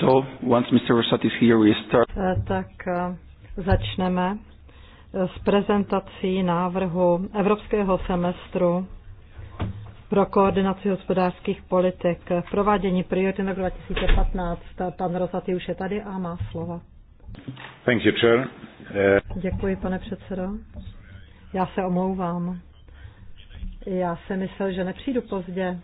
So, once Mr. Rosati is here, we start. Eh, tak eh, začneme eh, s prezentací návrhu Evropského semestru pro koordinaci hospodářských politik. Provádění priority na 2015. Pan Rosati už je tady a má slovo. Thank you, chair. Uh... Děkuji, pane předsedo. Já se omlouvám. Já jsem myslel, že nepřijdu pozdě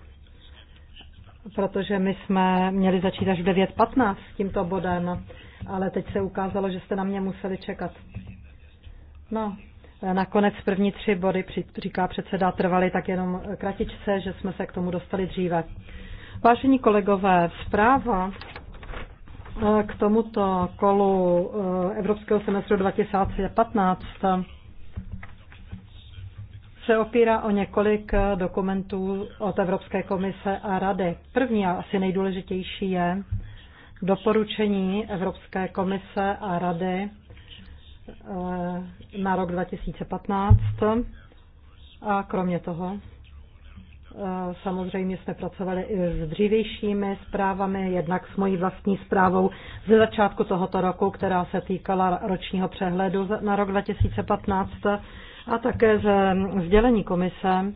protože my jsme měli začít až v 9.15 s tímto bodem, ale teď se ukázalo, že jste na mě museli čekat. No, nakonec první tři body, říká předseda, trvaly tak jenom kratičce, že jsme se k tomu dostali dříve. Vážení kolegové, zpráva eh, k tomuto kolu eh, Evropského semestru 2015 se opírá o několik eh, dokumentů od Evropské komise a Rady. První a asi nejdůležitější je doporučení Evropské komise a Rady eh, na rok 2015. A kromě toho eh, samozřejmě jsme pracovali i s dřívějšími zprávami, jednak s mojí vlastní zprávou ze začátku tohoto roku, která se týkala ročního přehledu na rok 2015 a také ze sdělení komise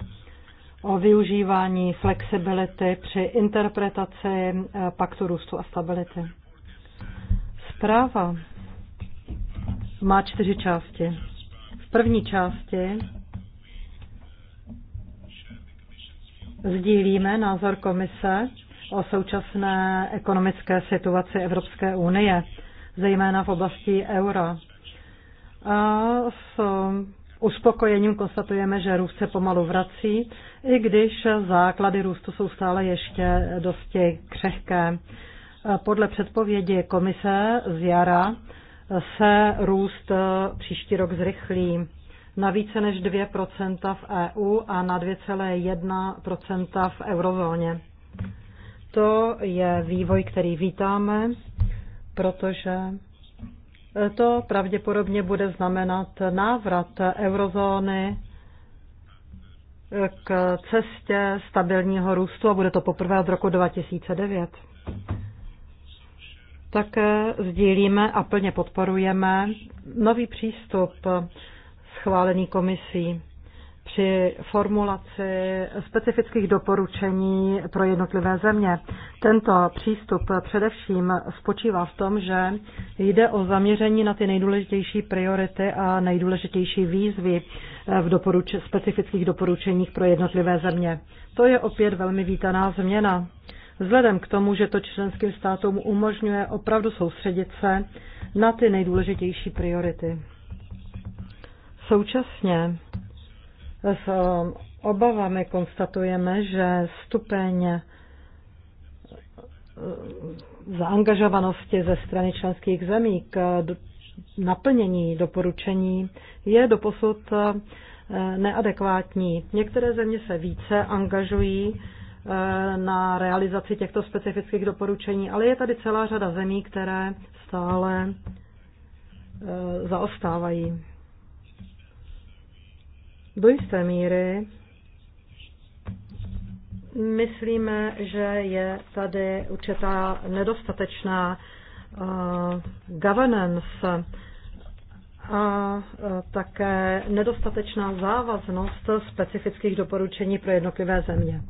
o využívání flexibility při interpretaci eh, paktu růstu a stability. Zpráva má čtyři části. V první části sdílíme názor komise o současné ekonomické situaci Evropské unie, zejména v oblasti eura. A s uspokojením konstatujeme, že růst se pomalu vrací, i když základy růstu jsou stále ještě dosti křehké. Podle předpovědi komise z jara se růst příští rok zrychlí na více než 2% v EU a na 2,1% v eurozóně. To je vývoj, který vítáme, protože to pravděpodobně bude znamenat návrat eurozóny k cestě stabilního růstu a bude to poprvé od roku 2009. Také sdílíme a plně podporujeme nový přístup schválený komisí při formulaci specifických doporučení pro jednotlivé země. Tento přístup především spočívá v tom, že jde o zaměření na ty nejdůležitější priority a nejdůležitější výzvy v doporuč- specifických doporučeních pro jednotlivé země. To je opět velmi vítaná změna. Vzhledem k tomu, že to členským státům umožňuje opravdu soustředit se na ty nejdůležitější priority. Současně s um, obavami konstatujeme, že stupeň uh, zaangažovanosti ze strany členských zemí k naplnění doporučení je doposud uh, neadekvátní. Některé země se více angažují uh, na realizaci těchto specifických doporučení, ale je tady celá řada zemí, které stále zaostávají do jisté míry myslíme, že je tady určitá nedostatečná eh, governance a eh, také nedostatečná závaznost specifických doporučení pro jednotlivé země.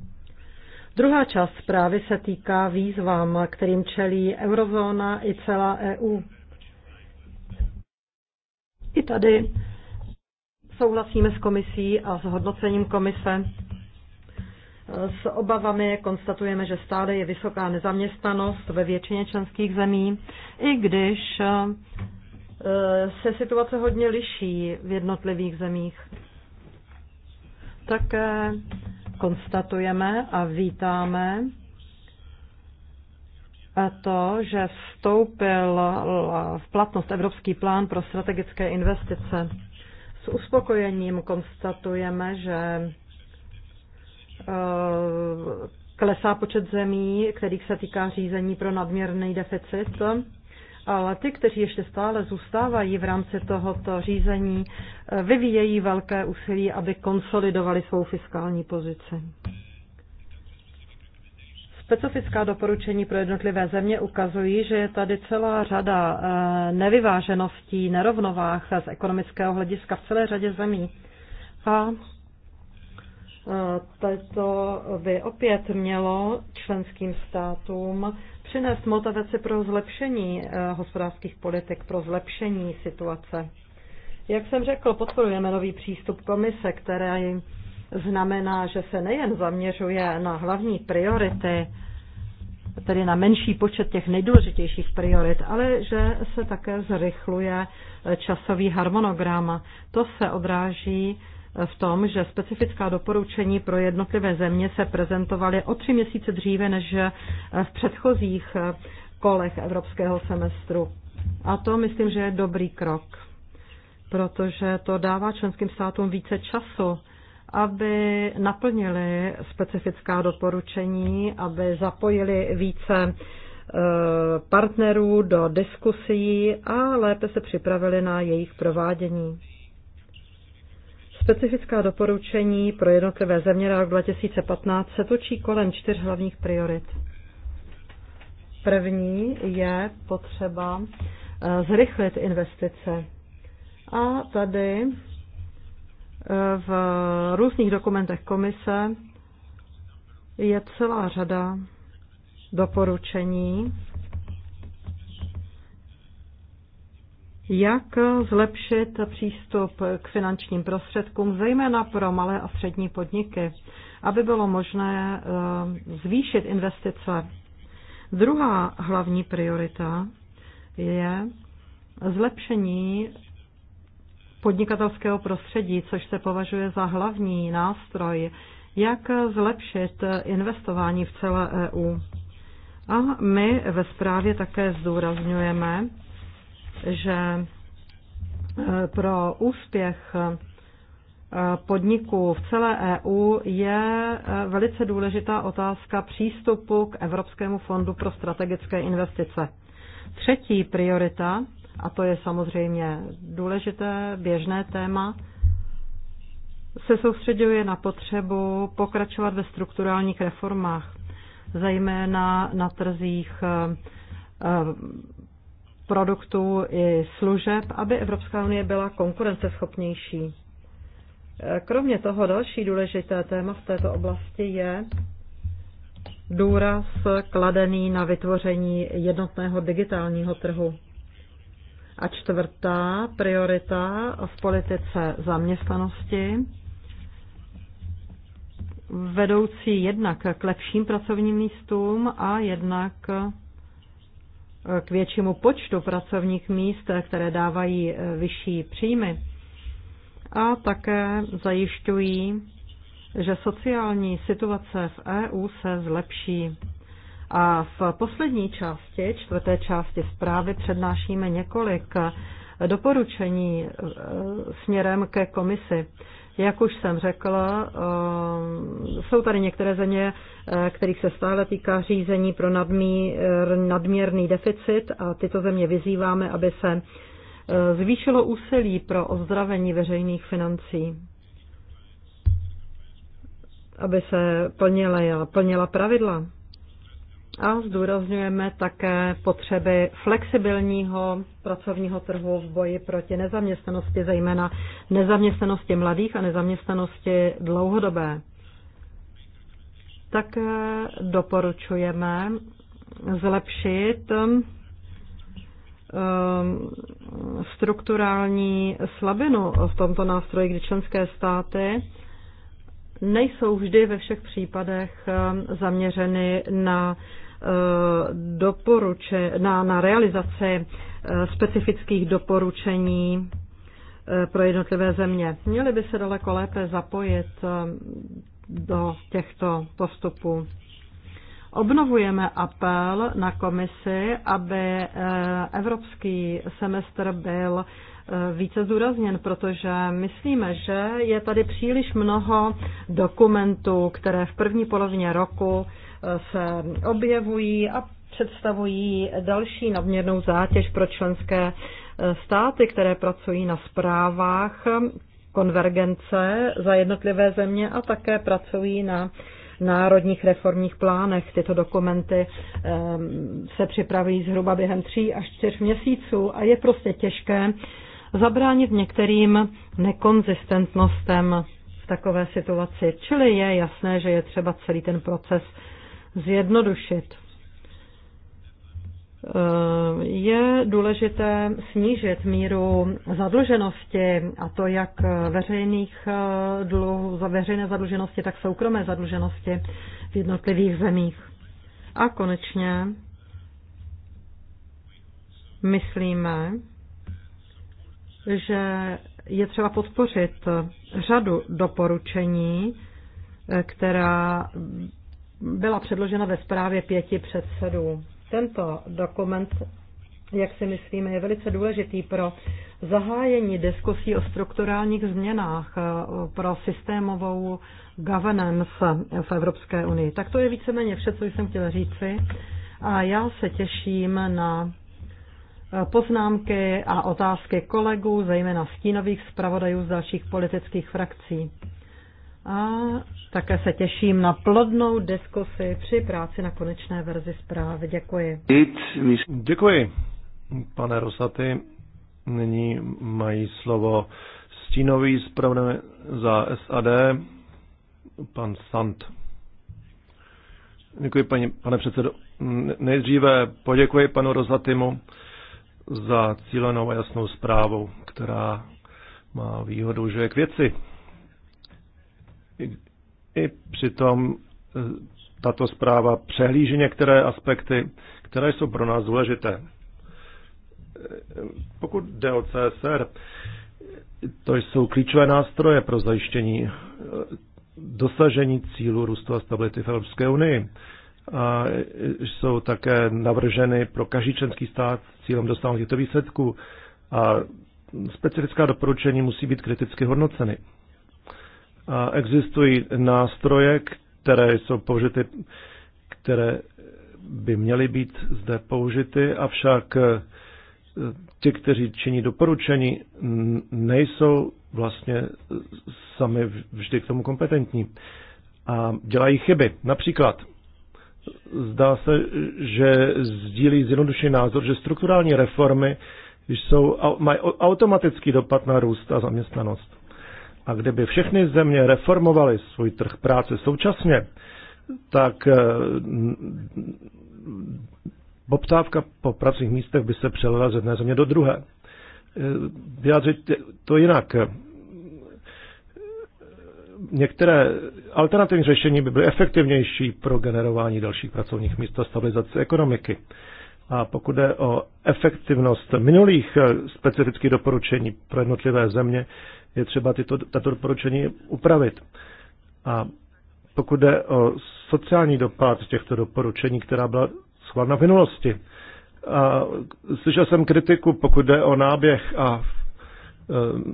Druhá část zprávy se týká výzvám, kterým čelí eurozóna i celá EU. I tady Souhlasíme s komisí a s hodnocením komise. S obavami konstatujeme, že stále je vysoká nezaměstnanost ve většině členských zemí, i když eh, se situace hodně liší v jednotlivých zemích. Také konstatujeme a vítáme to, že vstoupil v platnost Evropský plán pro strategické investice s uspokojením konstatujeme, že eh, klesá počet zemí, kterých se týká řízení pro nadměrný deficit, ale ty, kteří ještě stále zůstávají v rámci tohoto řízení, eh, vyvíjejí velké úsilí, aby konsolidovali svou fiskální pozici. Specifická doporučení pro jednotlivé země ukazují, že je tady celá řada eh, nevyvážeností, nerovnovách z ekonomického hlediska v celé řadě zemí. A eh, to by opět mělo členským státům přinést motivaci pro zlepšení eh, hospodářských politik, pro zlepšení situace. Jak jsem řekl, podporujeme nový přístup komise, který znamená, že se nejen zaměřuje na hlavní priority, tedy na menší počet těch nejdůležitějších priorit, ale že se také zrychluje časový harmonogram. To se odráží v tom, že specifická doporučení pro jednotlivé země se prezentovaly o tři měsíce dříve než v předchozích kolech evropského semestru. A to myslím, že je dobrý krok, protože to dává členským státům více času aby naplnili specifická doporučení, aby zapojili více e, partnerů do diskusí a lépe se připravili na jejich provádění. Specifická doporučení pro jednotlivé země rok 2015 se točí kolem čtyř hlavních priorit. První je potřeba e, zrychlit investice. A tady v různých dokumentech komise je celá řada doporučení, jak zlepšit přístup k finančním prostředkům, zejména pro malé a střední podniky, aby bylo možné eh, zvýšit investice. Druhá hlavní priorita je zlepšení podnikatelského prostředí, což se považuje za hlavní nástroj, jak zlepšit investování v celé EU. A my ve zprávě také zdůrazňujeme, že eh, pro úspěch eh, podniků v celé EU je eh, velice důležitá otázka přístupu k Evropskému fondu pro strategické investice. Třetí priorita a to je samozřejmě důležité, běžné téma, se soustředuje na potřebu pokračovat ve strukturálních reformách, zejména na trzích eh, eh, produktů i služeb, aby Evropská unie byla konkurenceschopnější. Eh, kromě toho další důležité téma v této oblasti je důraz kladený na vytvoření jednotného digitálního trhu. A čtvrtá priorita v politice zaměstnanosti vedoucí jednak k lepším pracovním místům a jednak k většímu počtu pracovních míst, které dávají vyšší příjmy. A také zajišťují, že sociální situace v EU se zlepší. A v poslední části, čtvrté části zprávy, přednášíme několik doporučení eh, směrem ke komisi. Jak už jsem řekla, eh, jsou tady některé země, eh, kterých se stále týká řízení pro nadměrný deficit a tyto země vyzýváme, aby se zvýšilo úsilí pro ozdravení veřejných financí, aby se plnila, plnila pravidla a zdůrazňujeme také potřeby flexibilního pracovního trhu v boji proti nezaměstnanosti, zejména nezaměstnanosti mladých a nezaměstnanosti dlouhodobé. Také doporučujeme zlepšit um, strukturální slabinu v tomto nástroji, kdy členské státy nejsou vždy ve všech případech um, zaměřeny na doporuče, na, na realizaci eh, specifických doporučení eh, pro jednotlivé země. Měly by se daleko lépe zapojit eh, do těchto postupů. Obnovujeme apel na komisi, aby evropský semestr byl více zúrazněn, protože myslíme, že je tady příliš mnoho dokumentů, které v první polovině roku se objevují a představují další nadměrnou zátěž pro členské e, státy, které pracují na zprávách konvergence za jednotlivé země a také pracují na národních reformních plánech. Tyto dokumenty e, se připravují zhruba během tří až čtyř měsíců a je prostě těžké zabránit některým nekonzistentnostem v takové situaci. Čili je jasné, že je třeba celý ten proces zjednodušit. Eh, je důležité snížit míru zadluženosti, a to jak veřejných eh, dluhů, veřejné zadluženosti, tak soukromé zadluženosti v jednotlivých zemích. A konečně myslíme, že je třeba podpořit řadu doporučení, eh, která byla předložena ve zprávě pěti předsedů. Tento dokument, jak si myslíme, je velice důležitý pro zahájení diskusí o strukturálních změnách eh, pro systémovou governance v Evropské unii. Tak to je víceméně vše, co jsem chtěla říci. A já se těším na eh, poznámky a otázky kolegů, zejména stínových zpravodajů z dalších politických frakcí a také se těším na plodnou diskusi při práci na konečné verzi zprávy. Děkuji. Děkuji. Pane Rosaty, nyní mají slovo stínový zpravodaj za SAD, pan Sant. Děkuji, paní, pane předsedo. Nejdříve poděkuji panu Rosatymu za cílenou a jasnou zprávu, která má výhodu, že je k věci i přitom e, tato zpráva přehlíží některé aspekty, které jsou pro nás důležité. E, pokud jde o CSR, to jsou klíčové nástroje pro zajištění e, dosažení cílu růstu a stability v Evropské unii. A jsou také navrženy pro každý členský stát s cílem dosáhnout těchto výsledků. A specifická doporučení musí být kriticky hodnoceny. A existují nástroje, které jsou použity, které by měly být zde použity, avšak eh, ti, kteří činí doporučení, nejsou vlastně eh, sami vždy k tomu kompetentní a dělají chyby. Například zdá se, že sdílí zjednodušený názor, že strukturální reformy jsou, mají automatický dopad na růst a zaměstnanost. A kdyby všechny země reformovaly svůj trh práce současně, tak eh, mm, poptávka po pracovních místech by se přelila z jedné země do druhé. Eh, vyjádřit to jinak. Některé alternativní řešení by byly efektivnější pro generování dalších pracovních míst a stabilizaci ekonomiky. A pokud jde o efektivnost minulých eh, specifických doporučení pro jednotlivé země, je třeba tyto, tato doporučení upravit. A pokud jde o sociální dopad těchto doporučení, která byla schválena v minulosti, a slyšel jsem kritiku, pokud jde o náběh a e,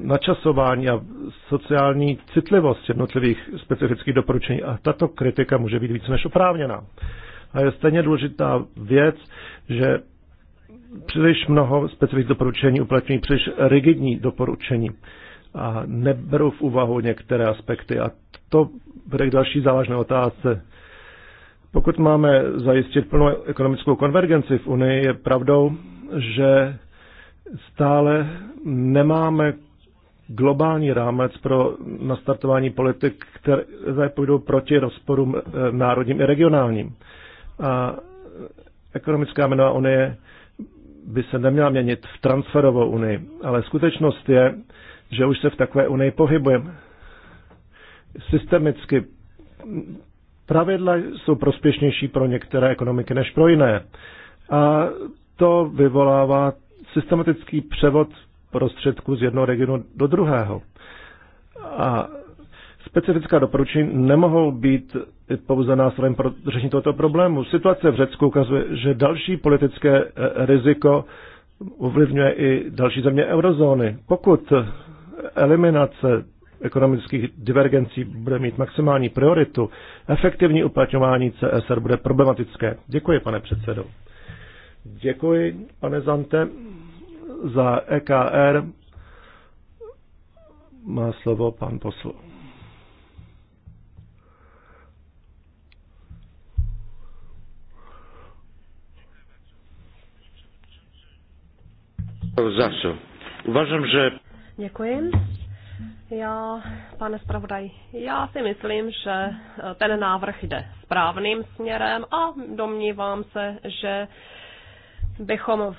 načasování a sociální citlivost jednotlivých specifických doporučení. A tato kritika může být více než oprávněná. A je stejně důležitá věc, že příliš mnoho specifických doporučení uplatňují příliš rigidní doporučení a neberou v úvahu některé aspekty a to bude k další závažné otázce. Pokud máme zajistit plnou ekonomickou konvergenci v Unii, je pravdou, že stále nemáme globální rámec pro nastartování politik, které půjdou proti rozporům eh, národním i regionálním. A ekonomická měnová unie by se neměla měnit v transferovou unii, ale skutečnost je, že už se v takové unii pohybujeme. Systemicky pravidla jsou prospěšnější pro některé ekonomiky než pro jiné. A to vyvolává systematický převod prostředků z jednoho regionu do druhého. A specifická doporučení nemohou být pouze nástrojem pro řešení tohoto problému. Situace v Řecku ukazuje, že další politické riziko ovlivňuje i další země eurozóny. Pokud eliminace ekonomických divergencí bude mít maximální prioritu, efektivní uplatňování CSR bude problematické. Děkuji, pane předsedo. Děkuji, pane Zante, za EKR. Má slovo pan posl. Zasu. Uważam, że Děkuji. Já, pane zpravodaj, já si myslím, že eh, ten návrh jde správným směrem a domnívám se, že bychom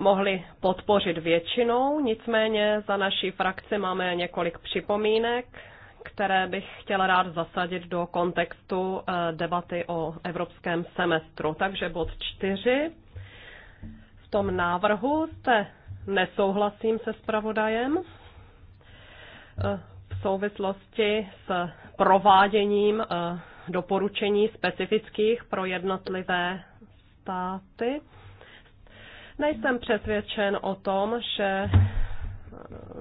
mohli podpořit většinou, nicméně za naší frakci máme několik připomínek, které bych chtěla rád zasadit do kontextu eh, debaty o evropském semestru. Takže bod čtyři. V tom návrhu jste nesouhlasím se spravodajem eh, v souvislosti s prováděním eh, doporučení specifických pro jednotlivé státy. Nejsem přesvědčen o tom, že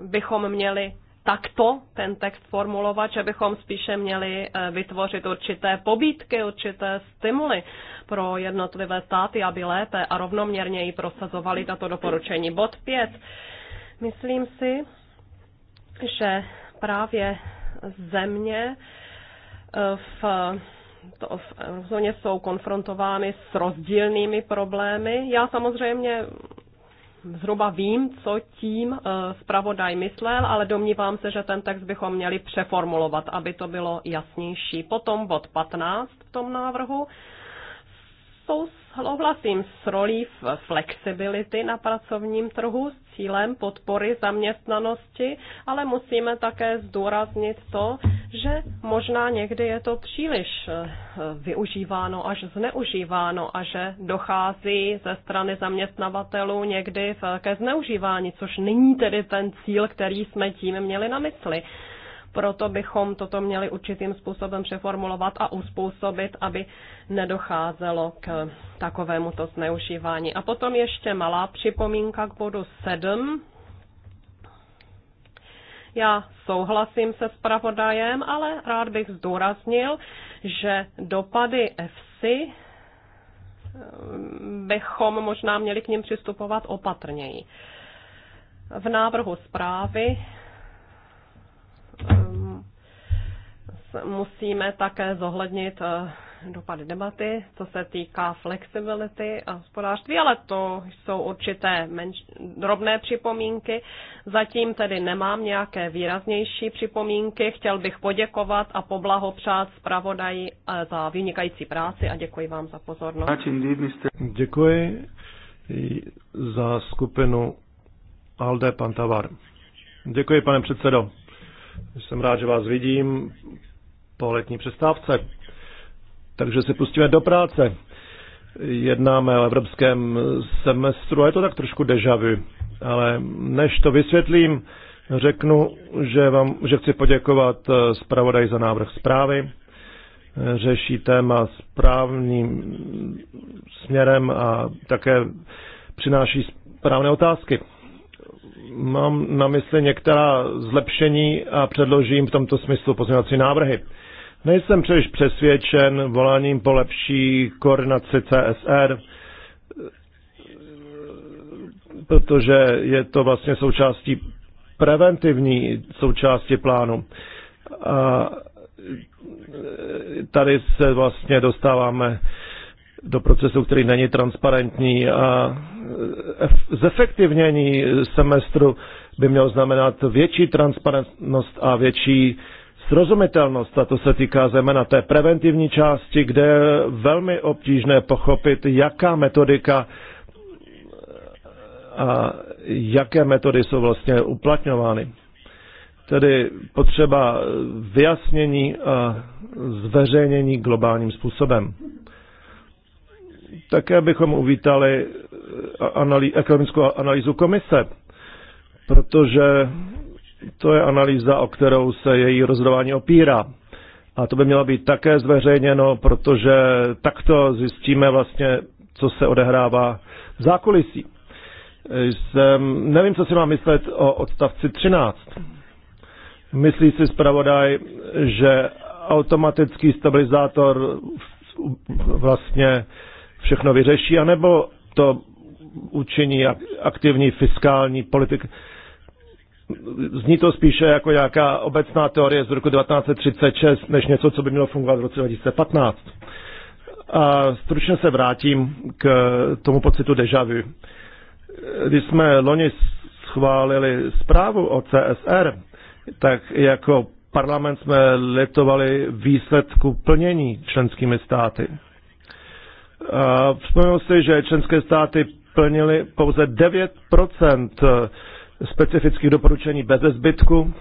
bychom měli takto ten text formulovat, že bychom spíše měli eh, vytvořit určité pobídky, určité stimuly pro jednotlivé státy, aby lépe a rovnoměrněji prosazovali tato doporučení. Bod 5. Myslím si, že právě země eh, v to v zóně jsou konfrontovány s rozdílnými problémy. Já samozřejmě zhruba vím, co tím eh, zpravodaj myslel, ale domnívám se, že ten text bychom měli přeformulovat, aby to bylo jasnější. Potom bod 15 v tom návrhu. Jsou Souhlasím s rolí flexibility na pracovním trhu s cílem podpory zaměstnanosti, ale musíme také zdůraznit to, že možná někdy je to příliš eh, využíváno až zneužíváno a že dochází ze strany zaměstnavatelů někdy ke zneužívání, což není tedy ten cíl, který jsme tím měli na mysli. Proto bychom toto měli určitým způsobem přeformulovat a uspůsobit, aby nedocházelo k takovému to zneužívání. A potom ještě malá připomínka k bodu 7. Já souhlasím se spravodajem, ale rád bych zdůraznil, že dopady EFSI ehm, bychom možná měli k ním přistupovat opatrněji. V návrhu zprávy musíme také zohlednit eh, dopady debaty, co se týká flexibility a hospodářství, ale to jsou určité menš- drobné připomínky. Zatím tedy nemám nějaké výraznější připomínky. Chtěl bych poděkovat a poblahopřát zpravodaji eh, za vynikající práci a děkuji vám za pozornost. Děkuji za skupinu Alde Pantavar. Děkuji, pane předsedo. Jsem rád, že vás vidím po letní přestávce. Takže se pustíme do práce. Jednáme o evropském semestru a je to tak trošku deja vu. Ale než to vysvětlím, řeknu, že, vám, že chci poděkovat eh, zpravodaj za návrh zprávy. Řeší téma správným směrem a také přináší správné otázky. Mám na mysli některá zlepšení a předložím v tomto smyslu pozměňovací návrhy. Nejsem přeš přesvědčen voláním po lepší koordinaci CSR, protože je to vlastně součástí preventivní součásti plánu. A tady se vlastně dostáváme do procesu, který není transparentní a zefektivnění semestru by mělo znamenat větší transparentnost a větší srozumitelnost, a to se týká zejména té preventivní části, kde je velmi obtížné pochopit, jaká metodika a jaké metody jsou vlastně uplatňovány. Tedy potřeba vyjasnění a zveřejnění globálním způsobem. Také bychom uvítali analý, ekonomickou analýzu komise, protože to je analýza, o kterou se její rozhodování opírá. A to by mělo být také zveřejněno, protože takto zjistíme vlastně, co se odehrává v zákulisí. Jsem, nevím, co si mám myslet o odstavci 13. Myslí si zpravodaj, že automatický stabilizátor vlastně všechno vyřeší, anebo to učiní aktivní fiskální politik, zní to spíše jako nějaká obecná teorie z roku 1936, než něco, co by mělo fungovat v roce 2015. A stručně se vrátím k tomu pocitu deja vu. Když jsme loni schválili zprávu o CSR, tak jako parlament jsme letovali výsledku plnění členskými státy. Vzpomínám si, že členské státy plnili pouze 9 specifických doporučení bez zbytku,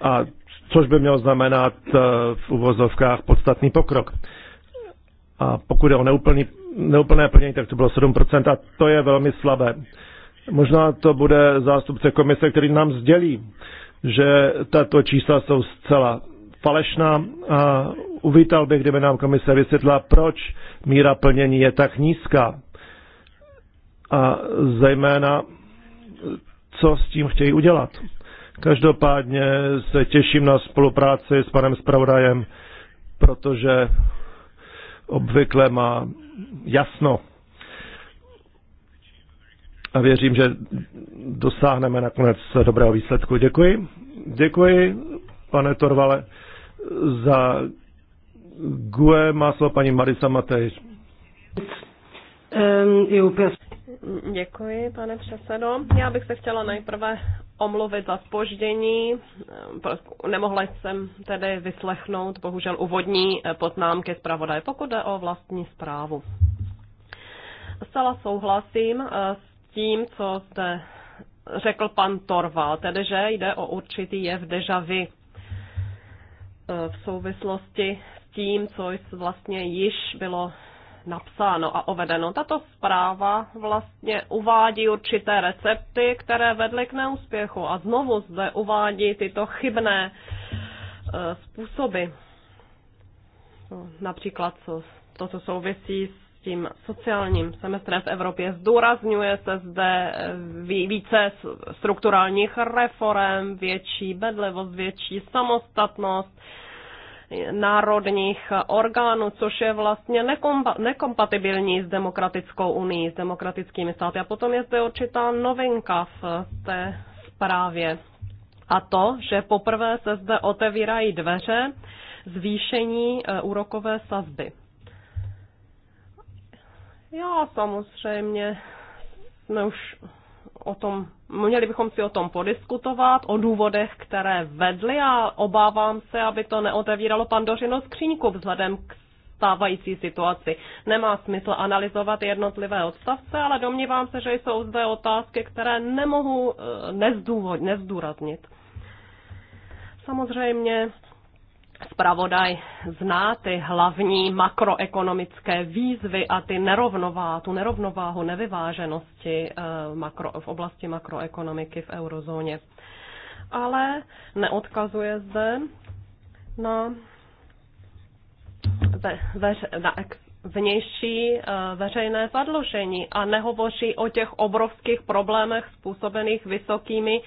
a což by mělo znamenat eh, v uvozovkách podstatný pokrok. A pokud je o neúplný, neúplné plnění, tak to bylo 7% a to je velmi slabé. Možná to bude zástupce komise, který nám sdělí, že tato čísla jsou zcela falešná a uvítal bych, kdyby nám komise vysvětlila, proč míra plnění je tak nízká a zejména, co s tím chtějí udělat. Každopádně se těším na spolupráci s panem Spravodajem, protože obvykle má jasno. A věřím, že dosáhneme nakonec dobrého výsledku. Děkuji. Děkuji, pane Torvale, za GUE má slovo paní Marisa Matej. Um, Děkuji, pane předsedo. Já bych se chtěla nejprve omluvit za spoždění. Ehm, nemohla jsem tedy vyslechnout, bohužel, úvodní eh, poznámky zpravodaje, pokud jde o vlastní zprávu. Zcela souhlasím eh, s tím, co zde řekl pan Torval, tedy že jde o určitý jev deja vu eh, v souvislosti s tím, co vlastně již bylo napsáno a uvedeno. Tato zpráva vlastně uvádí určité recepty, které vedly k neúspěchu a znovu zde uvádí tyto chybné e, způsoby. Například to, co souvisí s tím sociálním semestrem v Evropě. Zdůrazňuje se zde e, více strukturálních reform, větší bedlivost, větší samostatnost, národních orgánů, což je vlastně nekompa- nekompatibilní s demokratickou unii, s demokratickými státy. A potom je zde určitá novinka v té zprávě. A to, že poprvé se zde otevírají dveře zvýšení e, úrokové sazby. Já samozřejmě jsme už o tom, měli bychom si o tom podiskutovat, o důvodech, které vedly a obávám se, aby to neotevíralo Pandořino skříňku vzhledem k stávající situaci. Nemá smysl analyzovat jednotlivé odstavce, ale domnívám se, že jsou zde otázky, které nemohu eh, nezdůvod, nezdůraznit. Samozřejmě zpravodaj zná ty hlavní makroekonomické výzvy a ty nerovnová, tu nerovnováhu nevyváženosti eh, makro, v oblasti makroekonomiky v eurozóně. Ale neodkazuje zde na, ve, ve, na ex, vnější eh, veřejné zadlužení a nehovoří o těch obrovských problémech způsobených vysokými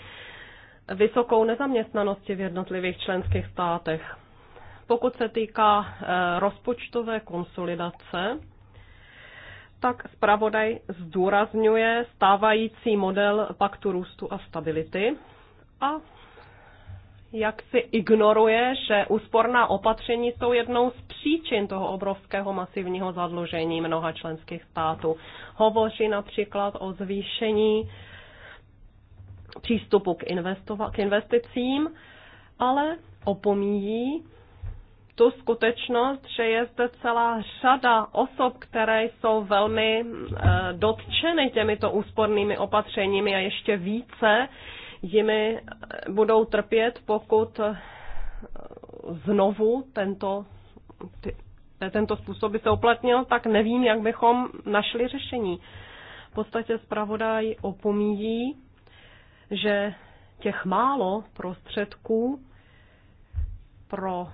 vysokou nezaměstnanosti v jednotlivých členských státech. Pokud se týká eh, rozpočtové konsolidace, tak zpravodaj zdůrazňuje stávající model paktu růstu a stability a jak si ignoruje, že úsporná opatření jsou jednou z příčin toho obrovského masivního zadlužení mnoha členských států. Hovoří například o zvýšení přístupu k, investova- k investicím, ale opomíjí tu skutečnost, že je zde celá řada osob, které jsou velmi eh, dotčeny těmito úspornými opatřeními a ještě více jimi eh, budou trpět, pokud eh, znovu tento, ty, tento způsob by se uplatnil, tak nevím, jak bychom našli řešení. V podstatě zpravodaj opomíjí, že těch málo prostředků pro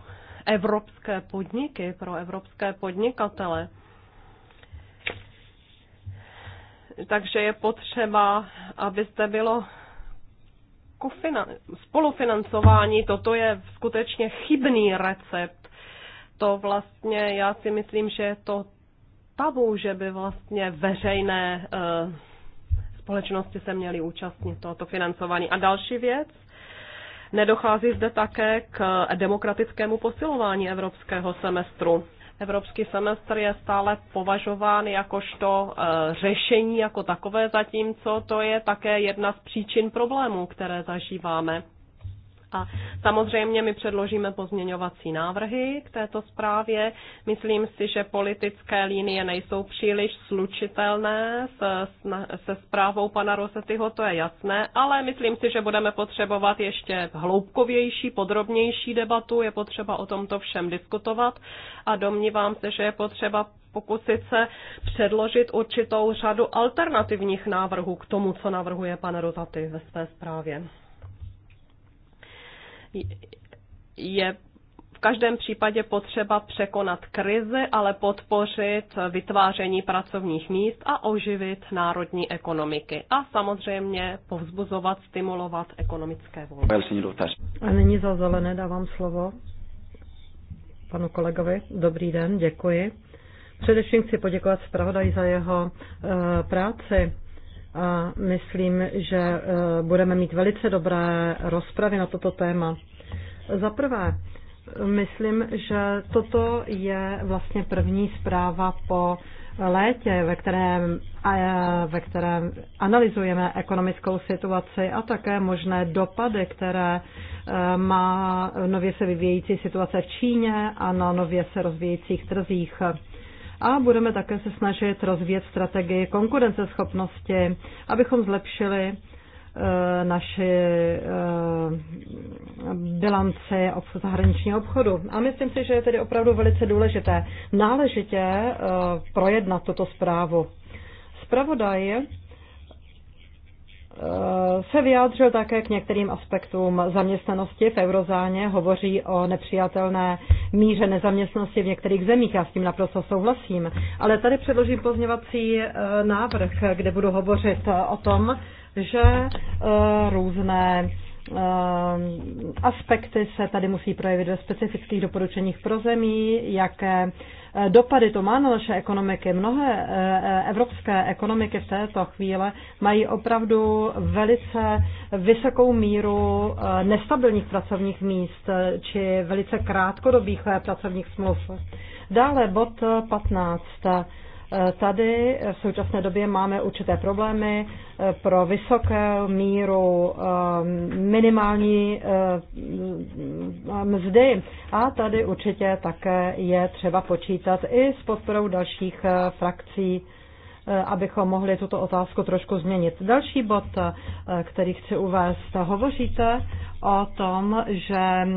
evropské podniky, pro evropské podnikatele. Takže je potřeba, aby zde bylo spolufinancování. Toto je skutečně chybný recept. To vlastně, já si myslím, že je to tabu, že by vlastně veřejné eh, společnosti se měly účastnit tohoto financování. A další věc, Nedochází zde také k demokratickému posilování evropského semestru. Evropský semestr je stále považován jakožto e, řešení jako takové, zatímco to je také jedna z příčin problémů, které zažíváme. A samozřejmě my předložíme pozměňovací návrhy k této zprávě. Myslím si, že politické linie nejsou příliš slučitelné se, se zprávou pana Rosetyho, to je jasné, ale myslím si, že budeme potřebovat ještě hloubkovější, podrobnější debatu, je potřeba o tomto všem diskutovat a domnívám se, že je potřeba pokusit se předložit určitou řadu alternativních návrhů k tomu, co navrhuje pan Rosaty ve své zprávě je v každém případě potřeba překonat krizi, ale podpořit vytváření pracovních míst a oživit národní ekonomiky. A samozřejmě povzbuzovat, stimulovat ekonomické volby. A nyní za zelené dávám slovo panu kolegovi. Dobrý den, děkuji. Především chci poděkovat zpravodaji za jeho eh, práci a myslím, že e, budeme mít velice dobré rozpravy na toto téma. Za prvé, myslím, že toto je vlastně první zpráva po létě, ve kterém, e, ve kterém analyzujeme ekonomickou situaci a také možné dopady, které e, má nově se vyvíjející situace v Číně a na nově se rozvíjejících trzích a budeme také se snažit rozvíjet strategii konkurenceschopnosti, abychom zlepšili eh, naši eh, bilance zahraničního obchodu. A myslím si, že je tedy opravdu velice důležité náležitě eh, projednat tuto zprávu. Spravodaj Eh, se vyjádřil také k některým aspektům zaměstnanosti v eurozóně, hovoří o nepřijatelné míře nezaměstnanosti v některých zemích, já s tím naprosto souhlasím, ale tady předložím pozněvací eh, návrh, kde budu hovořit eh, o tom, že různé aspekty se tady musí projevit ve specifických doporučeních pro zemí, jaké Eh, dopady to má na naše ekonomiky. Mnohé eh, eh, evropské ekonomiky v této chvíle mají opravdu velice vysokou míru nestabilních pracovních míst či velice krátkodobých pracovních smluv. Dále bod 15 Tady v současné době máme určité problémy eh, pro vysoké míru eh, minimální eh, mzdy a tady určitě také je třeba počítat i s podporou dalších frakcí abychom mohli tuto otázku trošku změnit. Další bod, který chci uvést, hovoříte o tom, že e,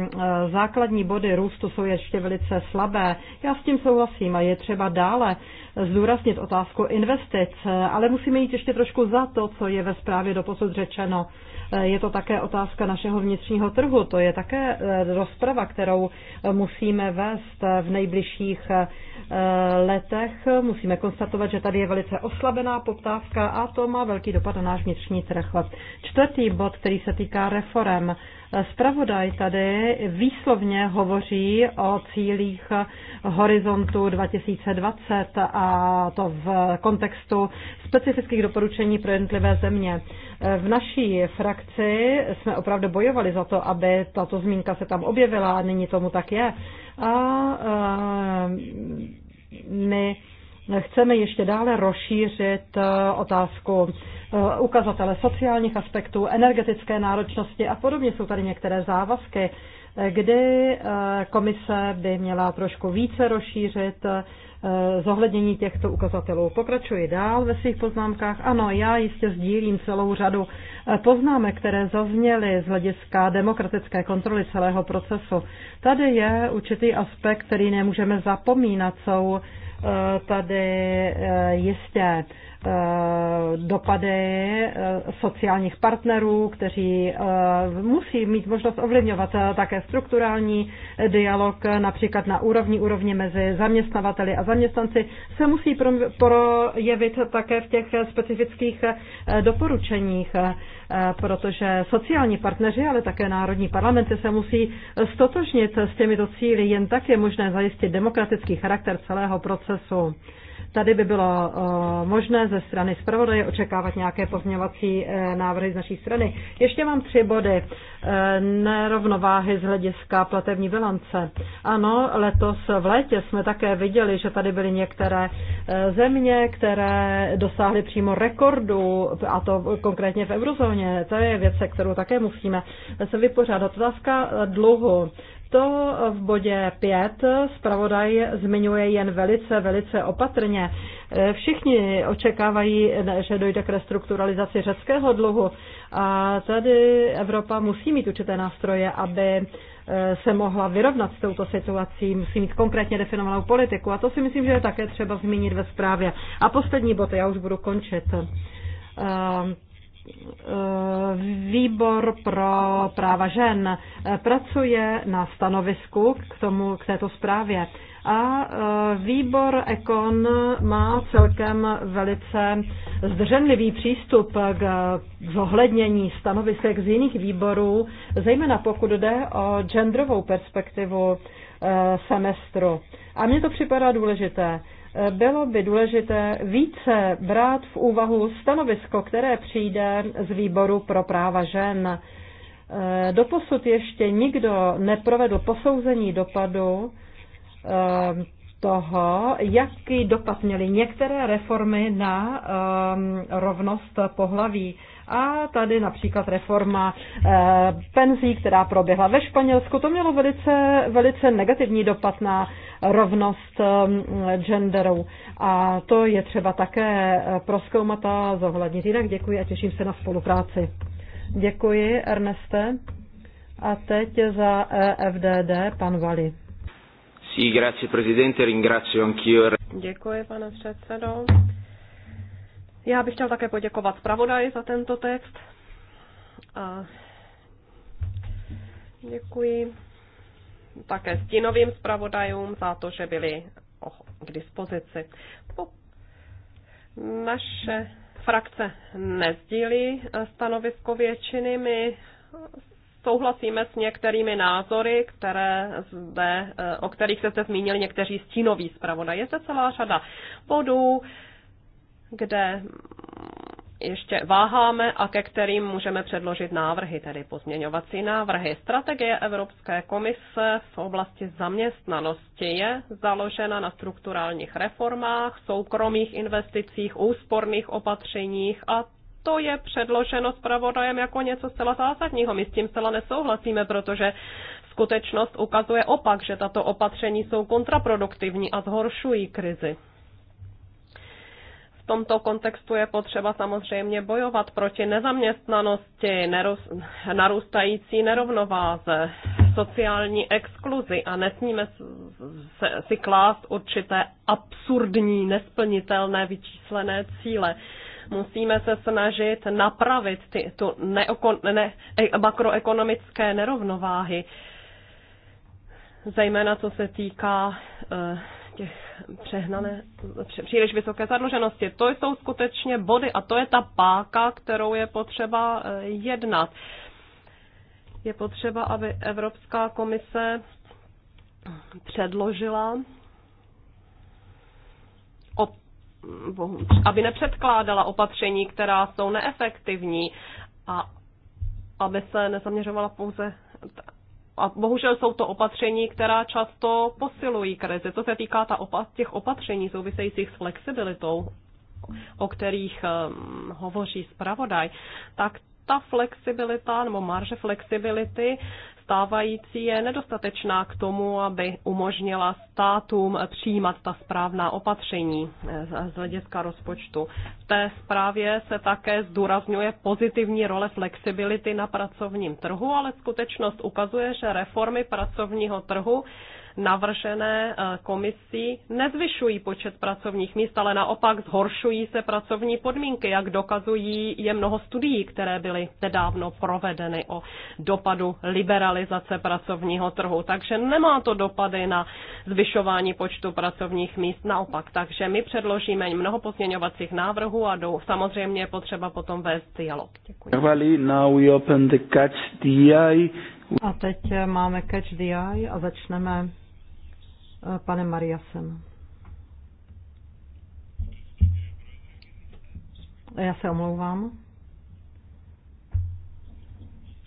základní body růstu jsou ještě velice slabé. Já s tím souhlasím a je třeba dále zdůraznit otázku investic, e, ale musíme jít ještě trošku za to, co je ve zprávě doposud řečeno. E, je to také otázka našeho vnitřního trhu, to je také rozprava, kterou musíme vést v nejbližších letech. Musíme konstatovat, že tady je velice oslabená poptávka a to má velký dopad na náš vnitřní trh. Čtvrtý bod, který se týká reform. Spravodaj tady výslovně hovoří o cílích horizontu 2020 a to v kontextu specifických doporučení pro jednotlivé země. V naší frakci jsme opravdu bojovali za to, aby tato zmínka se tam objevila, a nyní tomu tak je. A, a eh, my Chceme ještě dále rozšířit eh, otázku eh, ukazatele sociálních aspektů, energetické náročnosti a podobně. Jsou tady některé závazky, eh, kdy komise by měla trošku více rozšířit zohlednění těchto ukazatelů. Pokračuji dál ve svých poznámkách. Ano, já jistě sdílím celou řadu poznámek, které zazněly z hlediska demokratické kontroly celého procesu. Tady je určitý aspekt, který nemůžeme zapomínat, jsou Eh, tady eh, jisté Eh, dopady eh, sociálních partnerů, kteří eh, musí mít možnost ovlivňovat také strukturální dialog, například na úrovni úrovni mezi zaměstnavateli a zaměstnanci, se musí projevit také v těch specifických doporučeních, protože sociální partneři, ale také národní parlamenty se musí stotožnit s těmito cíly. Jen tak je možné zajistit demokratický charakter celého procesu. Tady by bylo eh, možné ze strany zpravodaje očekávat nějaké pozměňovací eh, návrhy z naší strany. Ještě mám tři body. Eh, nerovnováhy z hlediska platební bilance. Ano, letos v létě jsme také viděli, že tady byly některé země, které dosáhly přímo rekordu, a to konkrétně v eurozóně. To je věc, kterou také musíme se vypořádat. Otázka dluhu to v bodě 5 zpravodaj zmiňuje jen velice, velice opatrně. Eh, Všichni očekávají, že dojde k restrukturalizaci řeckého dluhu a tady Evropa musí mít určité nástroje, aby eh, se mohla vyrovnat s touto situací, musí mít konkrétně definovanou politiku a to si myslím, že je také třeba zmínit ve zprávě. A poslední bod, já už budu končit eh, Eh, výbor pro práva žen eh, pracuje na stanovisku k, tomu, k této zprávě a eh, výbor Ekon má celkem velice zdrženlivý přístup k zohlednění stanovisek z jiných výborů, zejména pokud jde o genderovou perspektivu semestru. A mně to připadá důležité bylo by důležité více brát v úvahu stanovisko, které přijde z výboru pro práva žen. E, doposud ještě nikdo neprovedl posouzení dopadu e, toho, jaký dopad měly některé reformy na e, rovnost pohlaví. A tady například reforma penzí, která proběhla ve Španělsku, to mělo velice, velice negativní dopad na rovnost um, genderů. A to je třeba také eh, proskoumat a zohlednit. Jinak děkuji a těším se na spolupráci. Děkuji, Erneste. A teď za EFDD eh, pan Vali. Sí, grazie Presidente, ringrazio anch'io. Děkuji, pane předsedo. Já bych chtěl také poděkovat zpravodaji za tento text. A děkuji také stínovým zpravodajům za to, že byli k dispozici. Naše frakce nezdílí stanovisko většiny. My souhlasíme s některými názory, které zde, eh, o kterých se zde zmínili někteří stínoví zpravodaj. Je zde celá řada bodů, kde ještě váháme a ke kterým můžeme předložit návrhy, tedy pozměňovací návrhy. Strategie Evropské komise v oblasti zaměstnanosti je založena na strukturálních reformách, soukromých investicích, úsporných opatřeních a to je předloženo zpravodajem jako něco zcela zásadního. My s tím zcela nesouhlasíme, protože skutečnost ukazuje opak, že tato opatření jsou kontraproduktivní a zhoršují krizi v tomto kontextu je potřeba samozřejmě bojovat proti nezaměstnanosti, neroz, narůstající nerovnováze, sociální exkluzi a nesmíme si klást určité absurdní, nesplnitelné, vyčíslené cíle. Musíme se snažit napravit ty, tu neokon, ne, makroekonomické nerovnováhy, zejména co se týká eh, těch přehnané, příliš vysoké zadluženosti. To jsou skutečně body a to je ta páka, kterou je potřeba eh, jednat. Je potřeba, aby Evropská komise předložila aby nepředkládala opatření, která jsou neefektivní a aby se nezaměřovala pouze a bohužel jsou to opatření, která často posilují krizi. Co se týká ta opa- těch opatření souvisejících s flexibilitou, o kterých um, hovoří zpravodaj, tak ta flexibilita nebo marže flexibility stávající je nedostatečná k tomu, aby umožnila státům přijímat ta správná opatření eh, z hlediska rozpočtu. V té zprávě se také zdůrazňuje pozitivní role flexibility na pracovním trhu, ale skutečnost ukazuje, že reformy pracovního trhu navržené eh, komisí nezvyšují počet pracovních míst, ale naopak zhoršují se pracovní podmínky, jak dokazují je mnoho studií, které byly nedávno provedeny o dopadu liberalizace pracovního trhu. Takže nemá to dopady na zvyšování počtu pracovních míst, naopak. Takže my předložíme mnoho pozměňovacích návrhů a jdou. samozřejmě je potřeba potom vést dialog. Děkuji. A teď eh, máme Catch the Eye a začneme panem Mariasem. Já se omlouvám.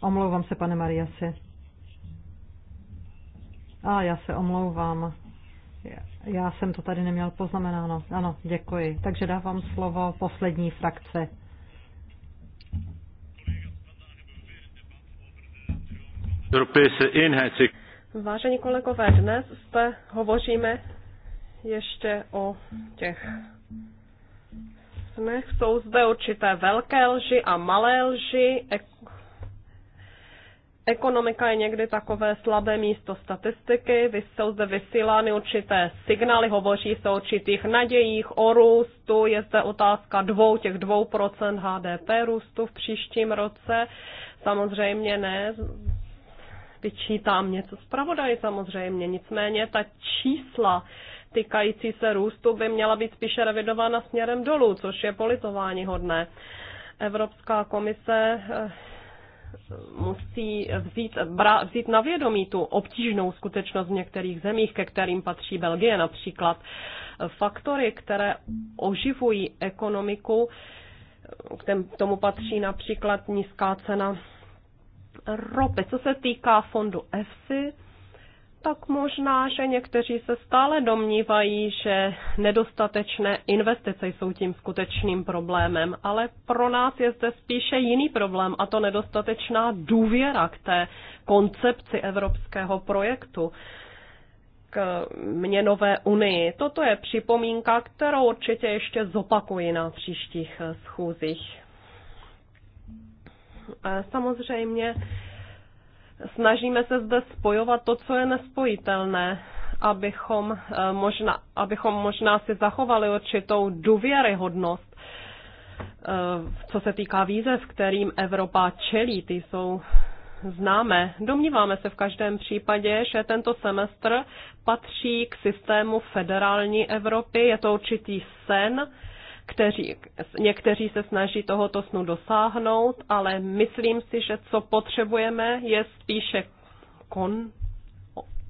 Omlouvám se, pane Mariasi. A já se omlouvám. Já jsem to tady neměl poznamenáno. Ano, děkuji. Takže dávám slovo poslední frakce. Europese eenheid. Vážení kolegové, dnes zde hovoříme ještě o těch snech. Jsou zde určité velké lži a malé lži. Ekonomika je někdy takové slabé místo statistiky, jsou zde vysílány určité signály, hovoří se o určitých nadějích, o růstu, je zde otázka dvou, těch dvou procent HDP růstu v příštím roce. Samozřejmě ne, vyčítám něco zpravodaj samozřejmě, nicméně ta čísla týkající se růstu by měla být spíše revidována směrem dolů, což je politování hodné. Evropská komise eh, musí vzít, bra, vzít na vědomí tu obtížnou skutečnost v některých zemích, ke kterým patří Belgie například. Faktory, které oživují ekonomiku, k tomu patří například nízká cena ropy. Co se týká fondu EFSI, tak možná, že někteří se stále domnívají, že nedostatečné investice jsou tím skutečným problémem, ale pro nás je zde spíše jiný problém a to nedostatečná důvěra k té koncepci evropského projektu k měnové unii. Toto je připomínka, kterou určitě ještě zopakuji na příštích schůzích. E, samozřejmě snažíme se zde spojovat to, co je nespojitelné, abychom e, možná, abychom možná si zachovali určitou důvěryhodnost, e, co se týká výzev, kterým Evropa čelí. Ty jsou známe. Domníváme se v každém případě, že tento semestr patří k systému federální Evropy. Je to určitý sen, kteří, někteří se snaží tohoto snu dosáhnout, ale myslím si, že co potřebujeme, je spíše kon,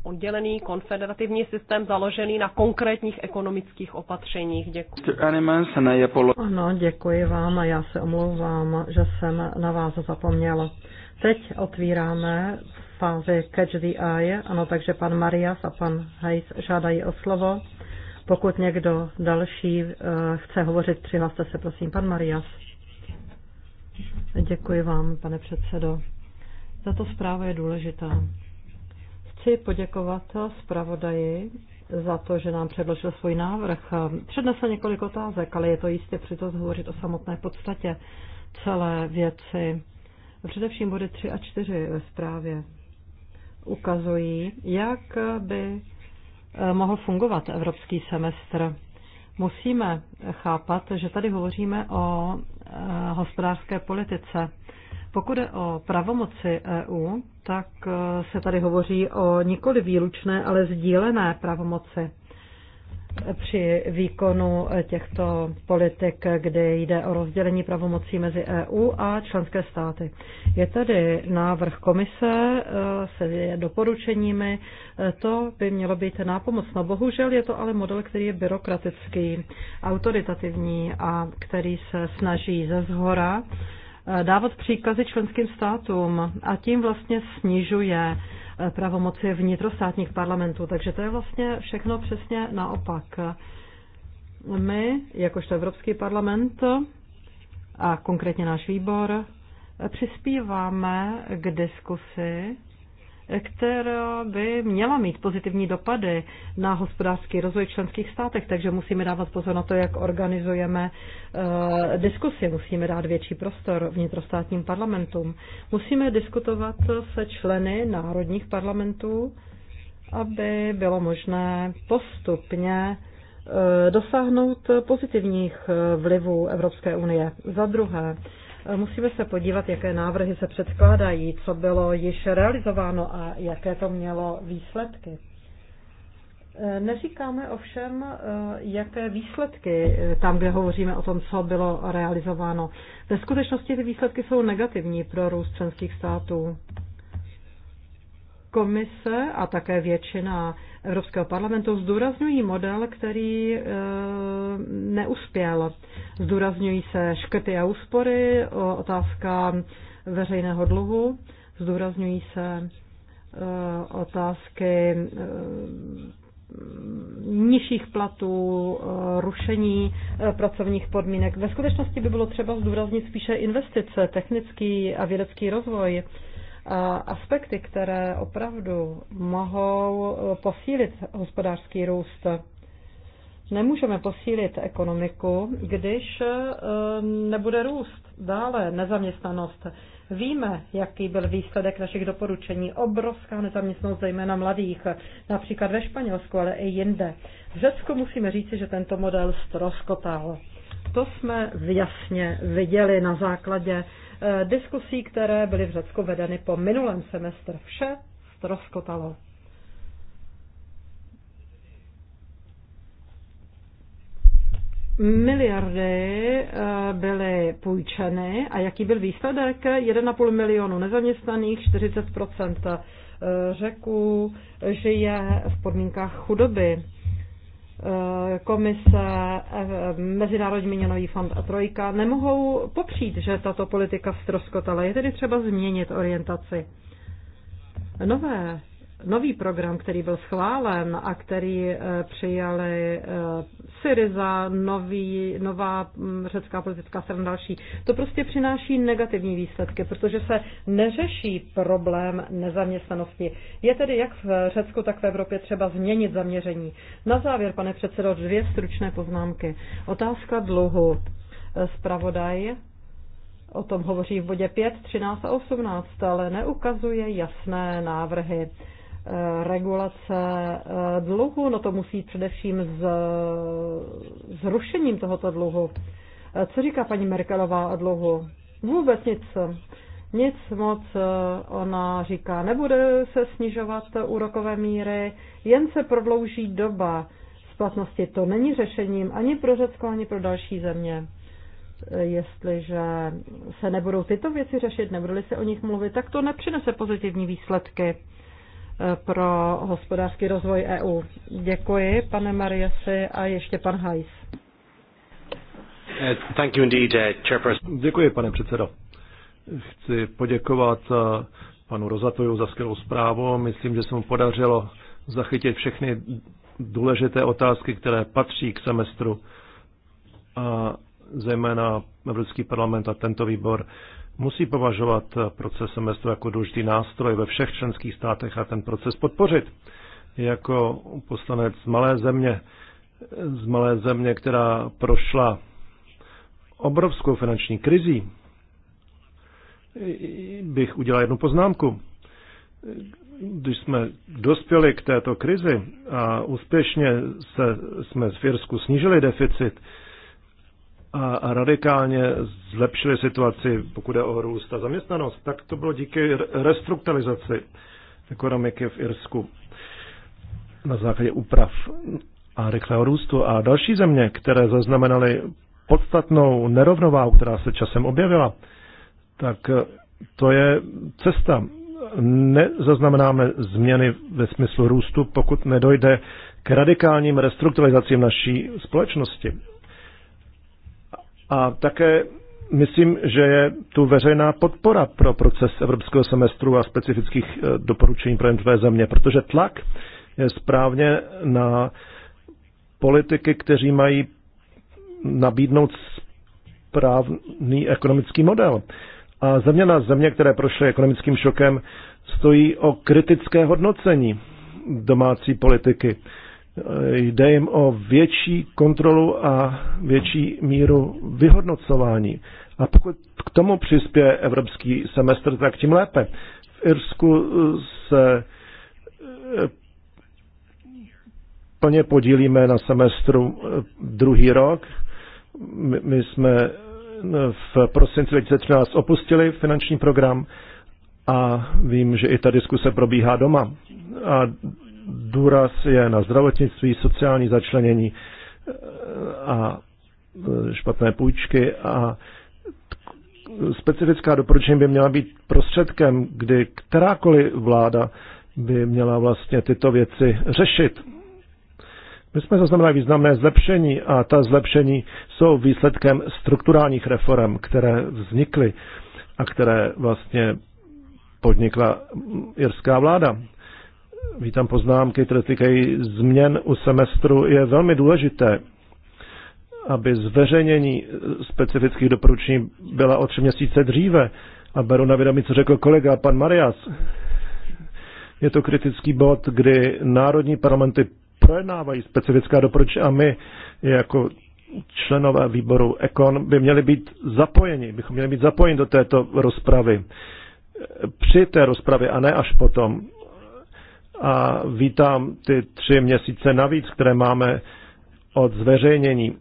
oddělený konfederativní systém založený na konkrétních ekonomických opatřeních. Děkuji. Ano, děkuji vám a já se omlouvám, že jsem na vás zapomněla. Teď otvíráme fázi Catch the Eye, ano, takže pan Marias a pan Hayes žádají o slovo. Pokud někdo další eh, chce hovořit, přihlaste se prosím. Pan Marias. Děkuji vám, pane předsedo. Tato zpráva je důležitá. Chci poděkovat zpravodaji za to, že nám předložil svůj návrh. Přednesl několik otázek, ale je to jistě přito hovořit o samotné podstatě celé věci. Především body 3 a 4 ve zprávě ukazují, jak by Eh, mohl fungovat evropský semestr. Musíme chápat, že tady hovoříme o eh, hospodářské politice. Pokud je o pravomoci EU, tak eh, se tady hovoří o nikoli výlučné, ale sdílené pravomoci při výkonu těchto politik, kde jde o rozdělení pravomocí mezi EU a členské státy. Je tady návrh komise eh, se doporučeními, eh, to by mělo být nápomocno. Bohužel je to ale model, který je byrokratický, autoritativní a který se snaží ze zhora eh, dávat příkazy členským státům a tím vlastně snižuje pravomoci vnitrostátních parlamentů. Takže to je vlastně všechno přesně naopak. My, jakožto Evropský parlament a konkrétně náš výbor, přispíváme k diskusi která by měla mít pozitivní dopady na hospodářský rozvoj v členských státech, takže musíme dávat pozor na to, jak organizujeme e, diskusy, musíme dát větší prostor vnitrostátním parlamentům. Musíme diskutovat se členy národních parlamentů, aby bylo možné postupně eh, dosáhnout pozitivních eh, vlivů Evropské unie. Za druhé, Musíme se podívat, jaké návrhy se předkládají, co bylo již realizováno a jaké to mělo výsledky. E, neříkáme ovšem, e, jaké výsledky e, tam, kde hovoříme o tom, co bylo realizováno. Ve skutečnosti ty výsledky jsou negativní pro růst členských států. Komise a také většina Evropského parlamentu zdůrazňují model, který e, neuspěl. Zdůrazňují se škrty a úspory, otázka veřejného dluhu, zdůrazňují se e, otázky e, nižších platů, rušení pracovních podmínek. Ve skutečnosti by bylo třeba zdůraznit spíše investice, technický a vědecký rozvoj aspekty, které opravdu mohou posílit hospodářský růst. Nemůžeme posílit ekonomiku, když e, nebude růst dále nezaměstnanost. Víme, jaký byl výsledek našich doporučení. Obrovská nezaměstnanost, zejména mladých, například ve Španělsku, ale i jinde. V Řecku musíme říci, že tento model stroskotal. To jsme jasně viděli na základě Eh, diskusí, které byly v Řecku vedeny po minulém semestru. Vše ztroskotalo. Miliardy eh, byly půjčeny a jaký byl výsledek? 1,5 milionu nezaměstnaných, 40 eh, řeků žije v podmínkách chudoby. Eh, komise, eh, Mezinárodní měnový fond a Trojka nemohou popřít, že tato politika ztroskotala. Je tedy třeba změnit orientaci. Nové nový program, který byl schválen a který eh, přijali eh, Syriza, nový, nová mm, řecká politická strana další, to prostě přináší negativní výsledky, protože se neřeší problém nezaměstnanosti. Je tedy jak v Řecku, tak v Evropě třeba změnit zaměření. Na závěr, pane předsedo, dvě stručné poznámky. Otázka dluhu. Spravodaj O tom hovoří v bodě 5, 13 a 18, ale neukazuje jasné návrhy regulace eh, dluhu, no to musí především s zrušením tohoto dluhu. Eh, co říká paní Merkelová o dluhu? Vůbec nic. Nic moc eh, ona říká, nebude se snižovat úrokové míry, jen se prodlouží doba splatnosti. To není řešením ani pro Řecko, ani pro další země. Jestliže se nebudou tyto věci řešit, nebudou se o nich mluvit, tak to nepřinese pozitivní výsledky pro hospodářský rozvoj EU. Děkuji, pane Mariasi, a ještě pan Hajs. Eh, eh, Děkuji, pane předsedo. Chci poděkovat eh, panu Rozatoju za skvělou zprávu. Myslím, že se mu podařilo zachytit všechny důležité otázky, které patří k semestru a zejména Evropský parlament a tento výbor musí považovat proces semestru jako důležitý nástroj ve všech členských státech a ten proces podpořit. Jako poslanec z malé země, z malé země, která prošla obrovskou finanční krizí, bych udělal jednu poznámku. Když jsme dospěli k této krizi a úspěšně se, jsme v Firsku snížili deficit, a radikálně zlepšili situaci, pokud je o růst a zaměstnanost, tak to bylo díky restrukturalizaci ekonomiky v Irsku na základě úprav a rychlého růstu. A další země, které zaznamenaly podstatnou nerovnováhu, která se časem objevila, tak to je cesta. Nezaznamenáme změny ve smyslu růstu, pokud nedojde k radikálním restrukturalizacím naší společnosti. A také myslím, že je tu veřejná podpora pro proces evropského semestru a specifických eh, doporučení pro jednotlivé země, protože tlak je správně na politiky, kteří mají nabídnout správný ekonomický model. A země na země, které prošly ekonomickým šokem, stojí o kritické hodnocení domácí politiky. Jde jim o větší kontrolu a větší míru vyhodnocování. A pokud k tomu přispěje evropský semestr, tak tím lépe. V Irsku se eh, plně podílíme na semestru eh, druhý rok. My jsme eh, v prosinci 2013 opustili finanční program a vím, že i ta diskuse probíhá doma. A důraz je na zdravotnictví, sociální začlenění e, a e, špatné půjčky a specifická doporučení by měla být prostředkem, kdy kterákoliv vláda by měla vlastně tyto věci řešit. My jsme zaznamenali významné zlepšení a ta zlepšení jsou výsledkem strukturálních reform, které vznikly a které vlastně podnikla jirská vláda vítám poznámky, které týkají změn u semestru. Je velmi důležité, aby zveřejnění specifických doporučení byla o tři měsíce dříve. A beru na vědomí, co řekl kolega pan Marias. Je to kritický bod, kdy národní parlamenty projednávají specifická doporučení a my jako členové výboru Ekon by měli být zapojeni, bychom měli být zapojeni do této rozpravy. Při té rozpravě a ne až potom a vítám ty tři měsíce navíc, které máme od zveřejnění.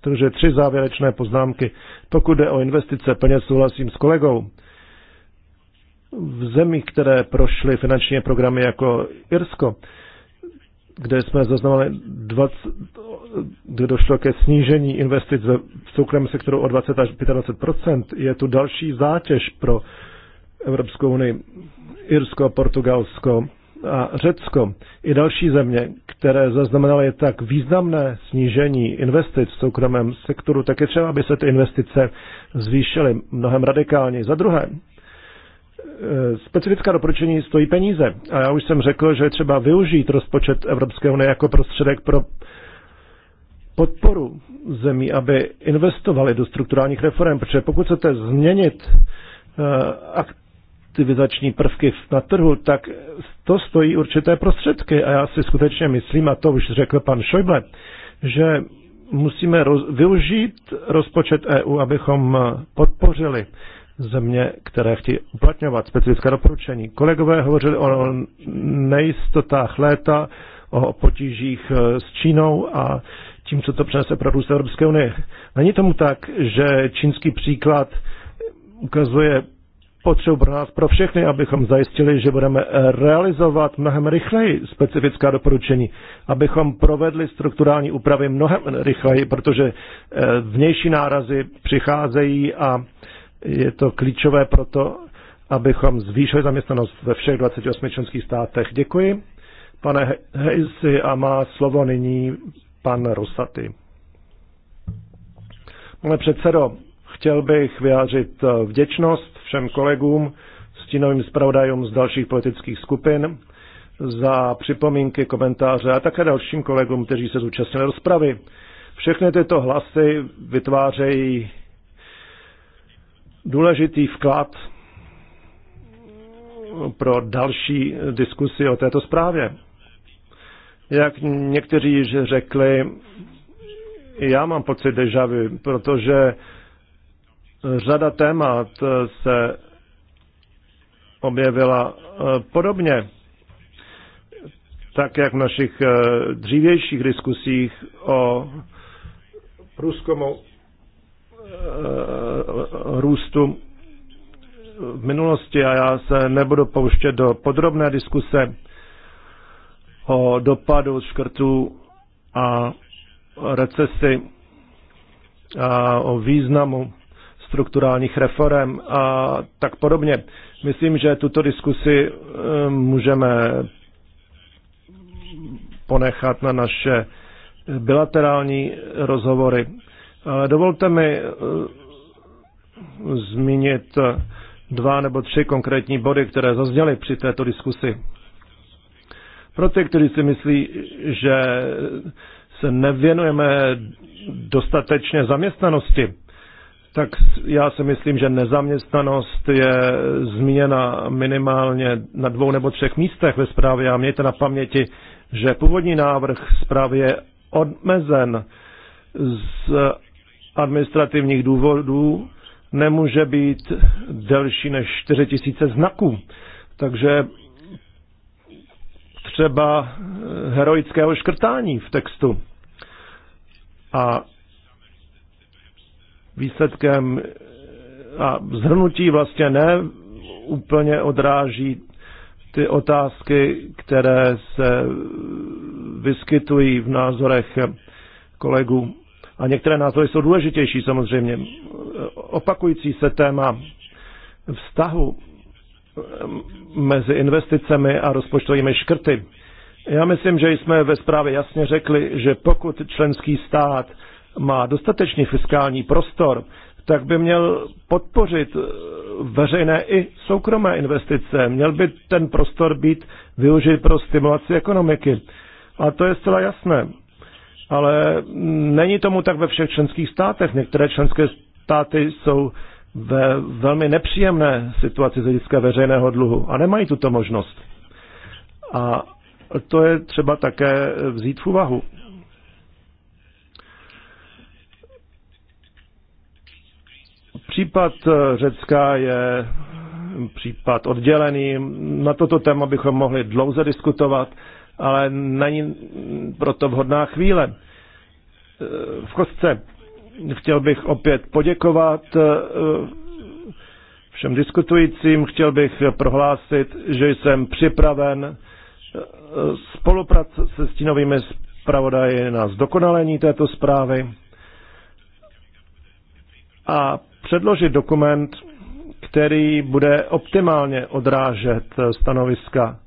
Takže tři závěrečné poznámky. Pokud jde o investice, plně souhlasím s kolegou. V zemích, které prošly finanční programy jako Irsko, kde jsme zaznamenali, 20, kde došlo ke snížení investic v soukromém sektoru o 20 až 25 je tu další zátěž pro Evropskou unii. Irsko, Portugalsko a Řecko i další země, které zaznamenaly tak významné snížení investic v soukromém sektoru, tak je třeba, aby se ty investice zvýšily mnohem radikálně. Za druhé, e, specifická doporučení stojí peníze. A já už jsem řekl, že je třeba využít rozpočet Evropské unie jako prostředek pro podporu zemí, aby investovali do strukturálních reform, protože pokud chcete změnit e, aktivizační prvky na trhu, tak to stojí určité prostředky. A já si skutečně myslím, a to už řekl pan Šojble, že musíme roz, využít rozpočet EU, abychom podpořili země, které chtějí uplatňovat specifické doporučení. Kolegové hovořili o nejistotách léta, o potížích e, s Čínou a tím, co to přinese pro růst Evropské unie. Není tomu tak, že čínský příklad ukazuje potřebu pro nás, pro všechny, abychom zajistili, že budeme realizovat mnohem rychleji specifická doporučení, abychom provedli strukturální úpravy mnohem rychleji, protože eh, vnější nárazy přicházejí a je to klíčové pro to, abychom zvýšili zaměstnanost ve všech 28 členských státech. Děkuji. Pane Hejsi a má slovo nyní pan Rosaty. Pane předsedo, Chtěl bych vyjádřit eh, vděčnost všem kolegům, stínovým zpravodajům z dalších politických skupin za připomínky, komentáře a také dalším kolegům, kteří se zúčastnili rozpravy. Všechny tyto hlasy vytvářejí důležitý vklad pro další diskusi o této zprávě. Jak někteří řekli, já mám pocit deja vu, protože řada témat eh, se objevila eh, podobně, tak jak v našich eh, dřívějších diskusích o průzkumu růstu v minulosti a já se nebudu pouštět do podrobné diskuse o dopadu škrtů a recesi a o významu strukturálních reform a tak podobně. Myslím, že tuto diskusi eh, můžeme ponechat na naše bilaterální rozhovory. Ale dovolte mi eh, zmínit dva nebo tři konkrétní body, které zazněly při této diskusi. Pro ty, kteří si myslí, že se nevěnujeme dostatečně zaměstnanosti, tak já si myslím, že nezaměstnanost je zmíněna minimálně na dvou nebo třech místech ve zprávě a mějte na paměti, že původní návrh zprávy je odmezen z administrativních důvodů, nemůže být delší než 4 000 znaků. Takže třeba heroického škrtání v textu. A výsledkem eh, a zhrnutí vlastně ne úplně odráží ty otázky, které se vyskytují v názorech kolegů. A některé názory jsou důležitější samozřejmě. Opakující se téma vztahu eh, mezi investicemi a rozpočtovými škrty. Já myslím, že jsme ve zprávě jasně řekli, že pokud členský stát má dostatečný fiskální prostor, tak by měl podpořit eh, veřejné i soukromé investice. Měl by ten prostor být využit pro stimulaci ekonomiky. A to je zcela jasné. Ale není tomu tak ve všech členských státech. Některé členské státy jsou ve velmi nepříjemné situaci z hlediska veřejného dluhu a nemají tuto možnost. A to je třeba také vzít v úvahu. Případ eh, Řecka je případ oddělený. Na toto téma bychom mohli dlouze diskutovat, ale není proto vhodná chvíle. Eh, v kostce chtěl bych opět poděkovat eh, všem diskutujícím. Chtěl bych prohlásit, že jsem připraven spolupracovat se stínovými zpravodaji na zdokonalení této zprávy a předložit dokument, který bude optimálně odrážet stanoviska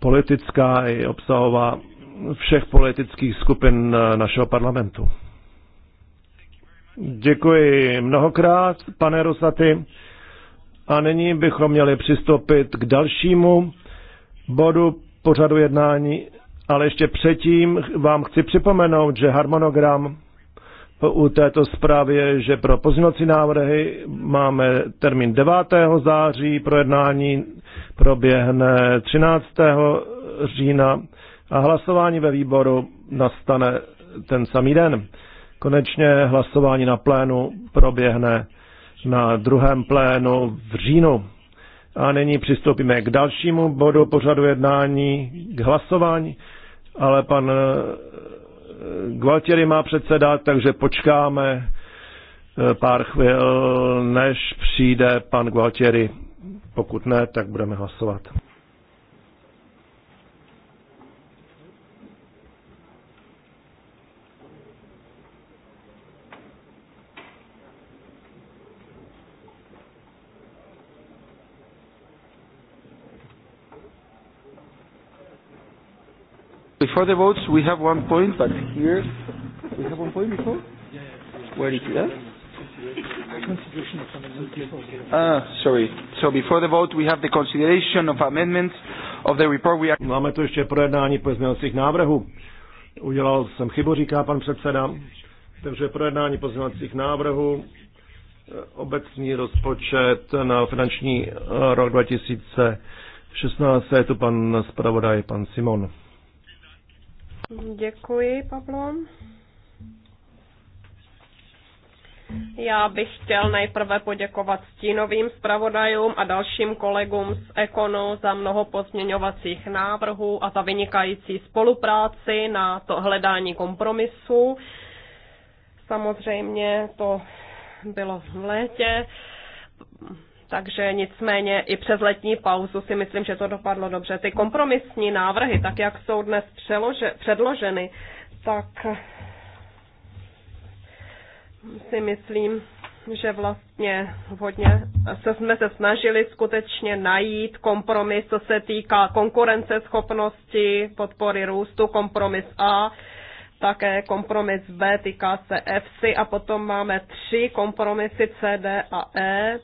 politická i obsahová všech politických skupin našeho parlamentu. Děkuji mnohokrát, pane Rosaty. A nyní bychom měli přistoupit k dalšímu bodu pořadu jednání, ale ještě předtím vám chci připomenout, že harmonogram u této zprávy je, že pro pozměňovací návrhy máme termín 9. září, projednání proběhne 13. října a hlasování ve výboru nastane ten samý den. Konečně hlasování na plénu proběhne na druhém plénu v říjnu. A nyní přistoupíme k dalšímu bodu pořadu jednání, k hlasování, ale pan Gualtieri má předsedat, takže počkáme eh, pár chvil, než přijde pan Gualtieri. Pokud ne, tak budeme hlasovat. Before the votes, we have one point, but here we have one point before. Where is it? At? Ah, sorry. So before the vote, we have the consideration of amendments of the report. We are... Máme tu ještě projednání pozměňovacích návrhů. Udělal jsem chybu, říká pan předseda. Takže projednání pozměňovacích návrhů, obecní rozpočet na finanční eh, rok 2016, je tu pan zpravodaj, pan Simon. Děkuji, Pavlo. Já bych chtěl nejprve poděkovat stínovým zpravodajům a dalším kolegům z Ekonu za mnoho pozměňovacích návrhů a za vynikající spolupráci na to hledání kompromisu. Samozřejmě to bylo v létě takže nicméně i přes letní pauzu si myslím, že to dopadlo dobře. Ty kompromisní návrhy, tak jak jsou dnes přelože, předloženy, tak si myslím, že vlastně hodně se jsme se snažili skutečně najít kompromis, co se týká konkurenceschopnosti, podpory růstu, kompromis A, také kompromis B týká se FC a potom máme tři kompromisy C, D a E,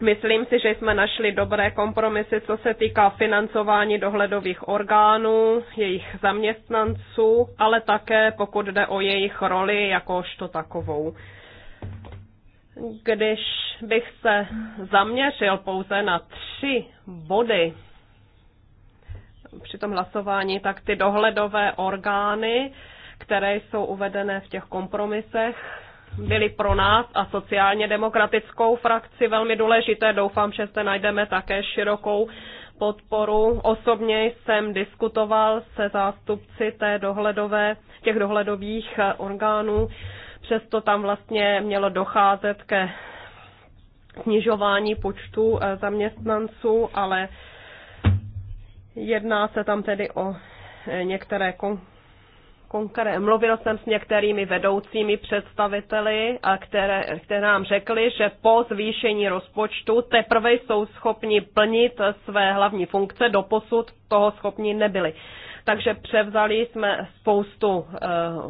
Myslím si, že jsme našli dobré kompromisy, co se týká financování dohledových orgánů, jejich zaměstnanců, ale také pokud jde o jejich roli jakožto takovou. Když bych se zaměřil pouze na tři body při tom hlasování, tak ty dohledové orgány, které jsou uvedené v těch kompromisech, byly pro nás a sociálně demokratickou frakci velmi důležité. Doufám, že se najdeme také širokou podporu. Osobně jsem diskutoval se zástupci té dohledové, těch dohledových orgánů, přesto tam vlastně mělo docházet ke snižování počtu eh, zaměstnanců, ale jedná se tam tedy o eh, některé konkrétní konkré- mluvil jsem s některými vedoucími představiteli, a které, které nám řekli, že po zvýšení rozpočtu teprve jsou schopni plnit své hlavní funkce, doposud toho schopni nebyli takže převzali jsme spoustu eh,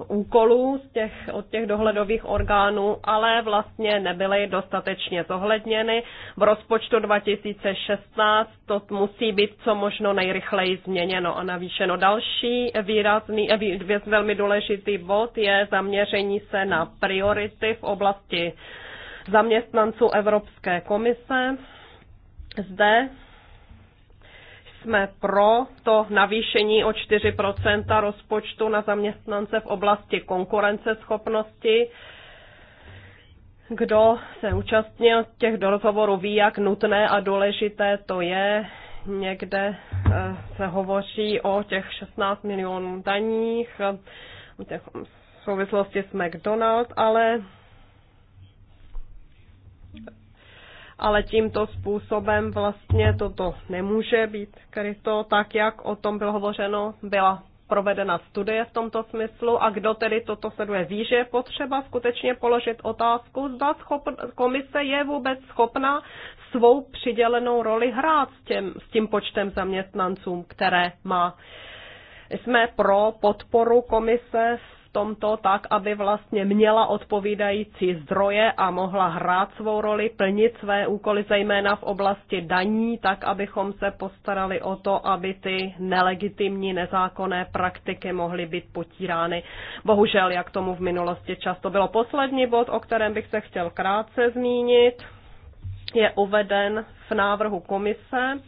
úkolů z těch, od těch dohledových orgánů, ale vlastně nebyly dostatečně zohledněny. V rozpočtu 2016 to musí být co možno nejrychleji změněno a navýšeno. Další výrazný, eh, velmi důležitý bod je zaměření se na priority v oblasti zaměstnanců Evropské komise. Zde jsme pro to navýšení o 4 rozpočtu na zaměstnance v oblasti konkurenceschopnosti. Kdo se účastnil těch rozhovorů, ví, jak nutné a důležité to je. Někde eh, se hovoří o těch 16 milionů daních, o těch souvislosti s McDonald's, ale ale tímto způsobem vlastně toto nemůže být kryto, tak jak o tom bylo hovořeno, byla provedena studie v tomto smyslu a kdo tedy toto sleduje, ví, že je potřeba skutečně položit otázku, zda schopn- komise je vůbec schopna svou přidělenou roli hrát s, těm, s tím počtem zaměstnancům, které má. Jsme pro podporu komise v tomto tak, aby vlastně měla odpovídající zdroje a mohla hrát svou roli, plnit své úkoly, zejména v oblasti daní, tak, abychom se postarali o to, aby ty nelegitimní, nezákonné praktiky mohly být potírány. Bohužel, jak tomu v minulosti často bylo. Poslední bod, o kterém bych se chtěl krátce zmínit, je uveden v návrhu komise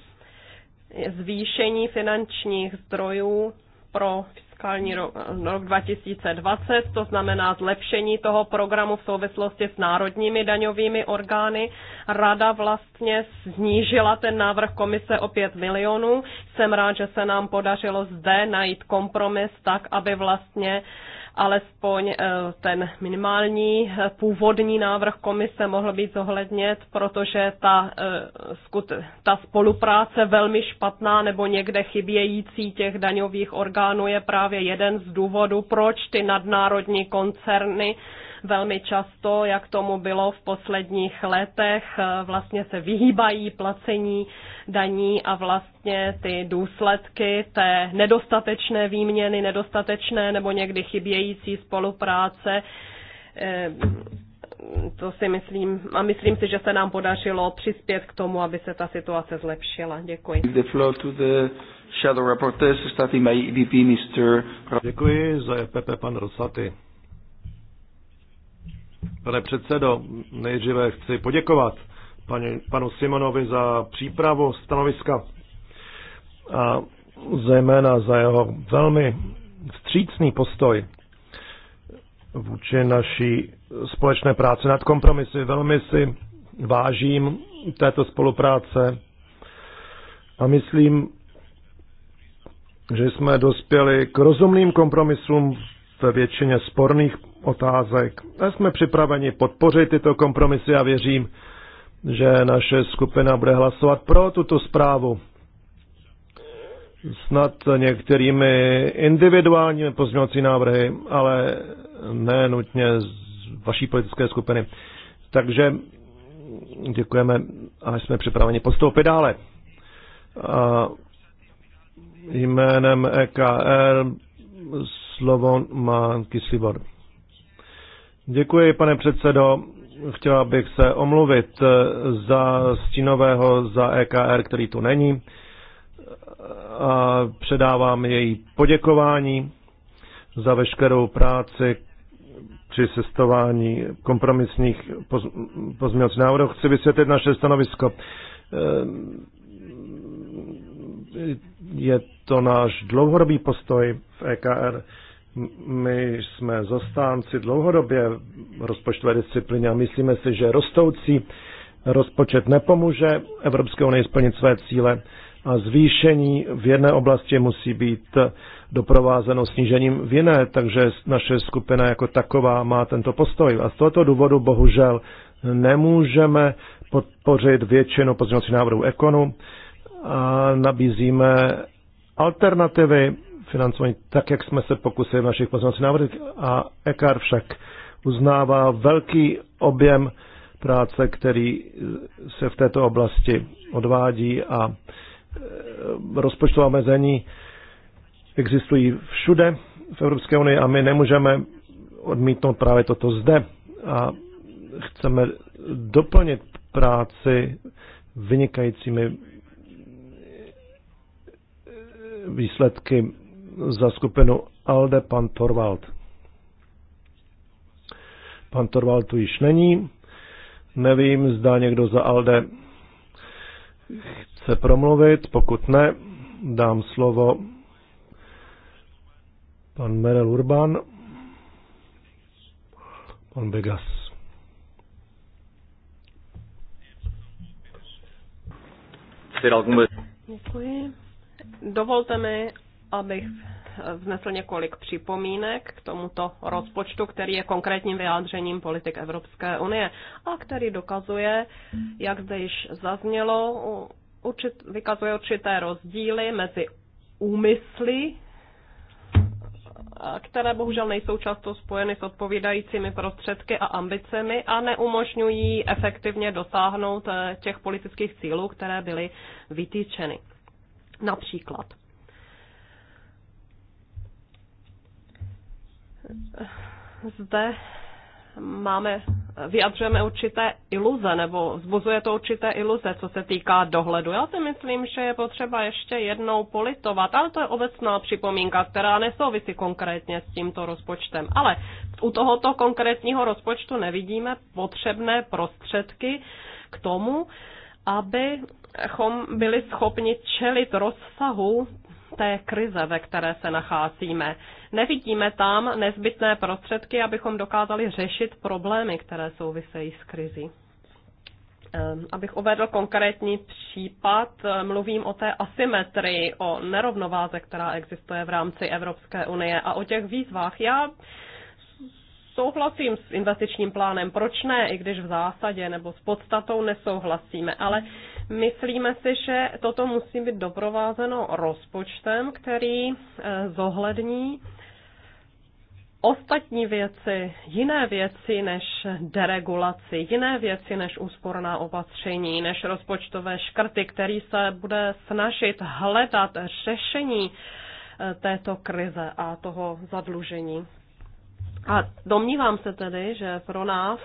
zvýšení finančních zdrojů pro fiskální rok, rok 2020, to znamená zlepšení toho programu v souvislosti s národními daňovými orgány. Rada vlastně snížila ten návrh komise o 5 milionů. Jsem rád, že se nám podařilo zde najít kompromis tak, aby vlastně alespoň eh, ten minimální eh, původní návrh komise mohl být zohlednět, protože ta, eh, ta spolupráce velmi špatná nebo někde chybějící těch daňových orgánů je právě jeden z důvodů, proč ty nadnárodní koncerny velmi často, jak tomu bylo v posledních letech, eh, vlastně se vyhýbají placení daní a vlastně ty důsledky té nedostatečné výměny, nedostatečné nebo někdy chybějící spolupráce eh, to si myslím, a myslím si, že se nám podařilo přispět k tomu, aby se ta situace zlepšila. Děkuji. E Děkuji za EPP, pan Rosaty. Pane předsedo, nejdříve chci poděkovat paní, panu Simonovi za přípravu stanoviska a zejména za jeho velmi vstřícný postoj vůči naší společné práci nad kompromisy. Velmi si vážím této spolupráce a myslím, že jsme dospěli k rozumným kompromisům ve většině sporných otázek. A jsme připraveni podpořit tyto kompromisy a věřím, že naše skupina bude hlasovat pro tuto zprávu. Snad některými individuálními pozměňovací návrhy, ale ne nutně z vaší politické skupiny. Takže děkujeme a jsme připraveni postoupit dále. A jménem EKR slovo má Kislivor. Děkuji, pane předsedo. Chtěla bych se omluvit eh, za Stínového, za EKR, který tu není. A předávám její poděkování za veškerou práci při sestování kompromisních pozměňovacích návrhů. Chci vysvětlit naše stanovisko. Eh, je to náš dlouhodobý postoj v EKR my jsme zastánci dlouhodobě rozpočtové disciplíny a myslíme si, že rostoucí rozpočet nepomůže Evropské unii splnit své cíle a zvýšení v jedné oblasti musí být doprovázeno snížením v jiné, takže naše skupina jako taková má tento postoj. A z tohoto důvodu bohužel nemůžeme podpořit většinu pozměňovacích návrhů ekonu a nabízíme alternativy financování, tak jak jsme se pokusili v našich pozornosti návrhy A EKAR však uznává velký objem práce, který se v této oblasti odvádí a e, rozpočtová mezení existují všude v Evropské unii a my nemůžeme odmítnout právě toto zde. A chceme doplnit práci vynikajícími výsledky za skupinu ALDE pan Torvald. Pan Torvald tu již není. Nevím, zda někdo za ALDE chce promluvit. Pokud ne, dám slovo pan Merel Urban, pan Vegas. Děkuji. Dovolte mi, abych eh, vznesl několik připomínek k tomuto rozpočtu, který je konkrétním vyjádřením politik Evropské unie a který dokazuje, jak zde již zaznělo, určit, vykazuje určité rozdíly mezi úmysly, eh, které bohužel nejsou často spojeny s odpovídajícími prostředky a ambicemi a neumožňují efektivně dosáhnout eh, těch politických cílů, které byly vytýčeny. Například zde máme, vyjadřujeme určité iluze, nebo vzbuzuje to určité iluze, co se týká dohledu. Já si myslím, že je potřeba ještě jednou politovat, ale to je obecná připomínka, která nesouvisí konkrétně s tímto rozpočtem. Ale u tohoto konkrétního rozpočtu nevidíme potřebné prostředky k tomu, abychom byli schopni čelit rozsahu té krize, ve které se nacházíme. Nevidíme tam nezbytné prostředky, abychom dokázali řešit problémy, které souvisejí s krizí. Ehm, abych uvedl konkrétní případ, ehm, mluvím o té asymetrii, o nerovnováze, která existuje v rámci Evropské unie a o těch výzvách. Já souhlasím s investičním plánem, proč ne, i když v zásadě nebo s podstatou nesouhlasíme, ale myslíme si, že toto musí být doprovázeno rozpočtem, který eh, zohlední ostatní věci, jiné věci než deregulaci, jiné věci než úsporná opatření, než rozpočtové škrty, který se bude snažit hledat řešení eh, této krize a toho zadlužení. A domnívám se tedy, že pro nás,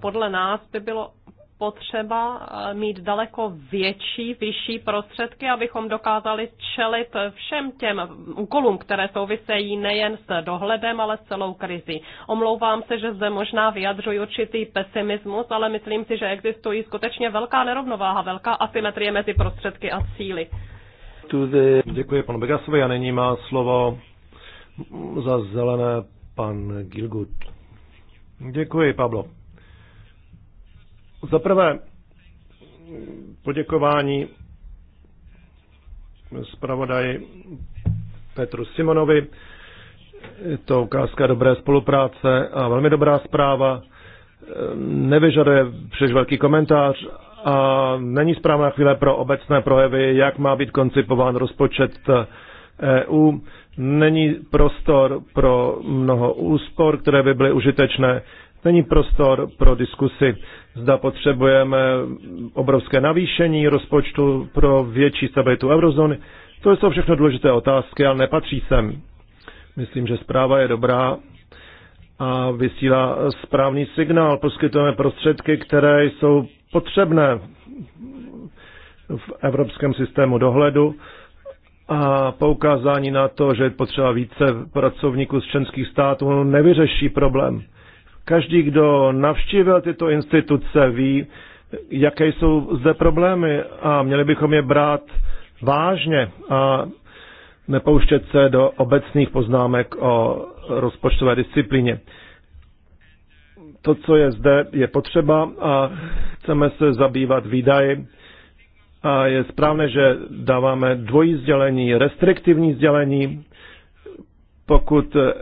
podle nás by bylo potřeba eh, mít daleko větší, vyšší prostředky, abychom dokázali čelit všem těm úkolům, které souvisejí nejen s dohledem, ale s celou krizi. Omlouvám se, že zde možná vyjadřuji určitý pesimismus, ale myslím si, že existují skutečně velká nerovnováha, velká asymetrie mezi prostředky a cíly. Děkuji panu Begasovi a nyní má slovo za zelené pan Gilgut. Děkuji, Pablo. Za prvé poděkování zpravodaji Petru Simonovi. Je to ukázka dobré spolupráce a velmi dobrá zpráva. Nevyžaduje příliš velký komentář a není správná chvíle pro obecné projevy, jak má být koncipován rozpočet EU není prostor pro mnoho úspor, které by byly užitečné. Není prostor pro diskusy, zda potřebujeme obrovské navýšení rozpočtu pro větší stabilitu eurozóny. To jsou všechno důležité otázky, ale nepatří sem. Myslím, že zpráva je dobrá a vysílá správný signál. Poskytujeme prostředky, které jsou potřebné v evropském systému dohledu a poukázání na to, že je potřeba více pracovníků z členských států, nevyřeší problém. Každý, kdo navštívil tyto instituce, ví, jaké jsou zde problémy a měli bychom je brát vážně a nepouštět se do obecných poznámek o rozpočtové disciplíně. To, co je zde, je potřeba a chceme se zabývat výdaji a je správné, že dáváme dvojí sdělení, restriktivní sdělení, pokud eh,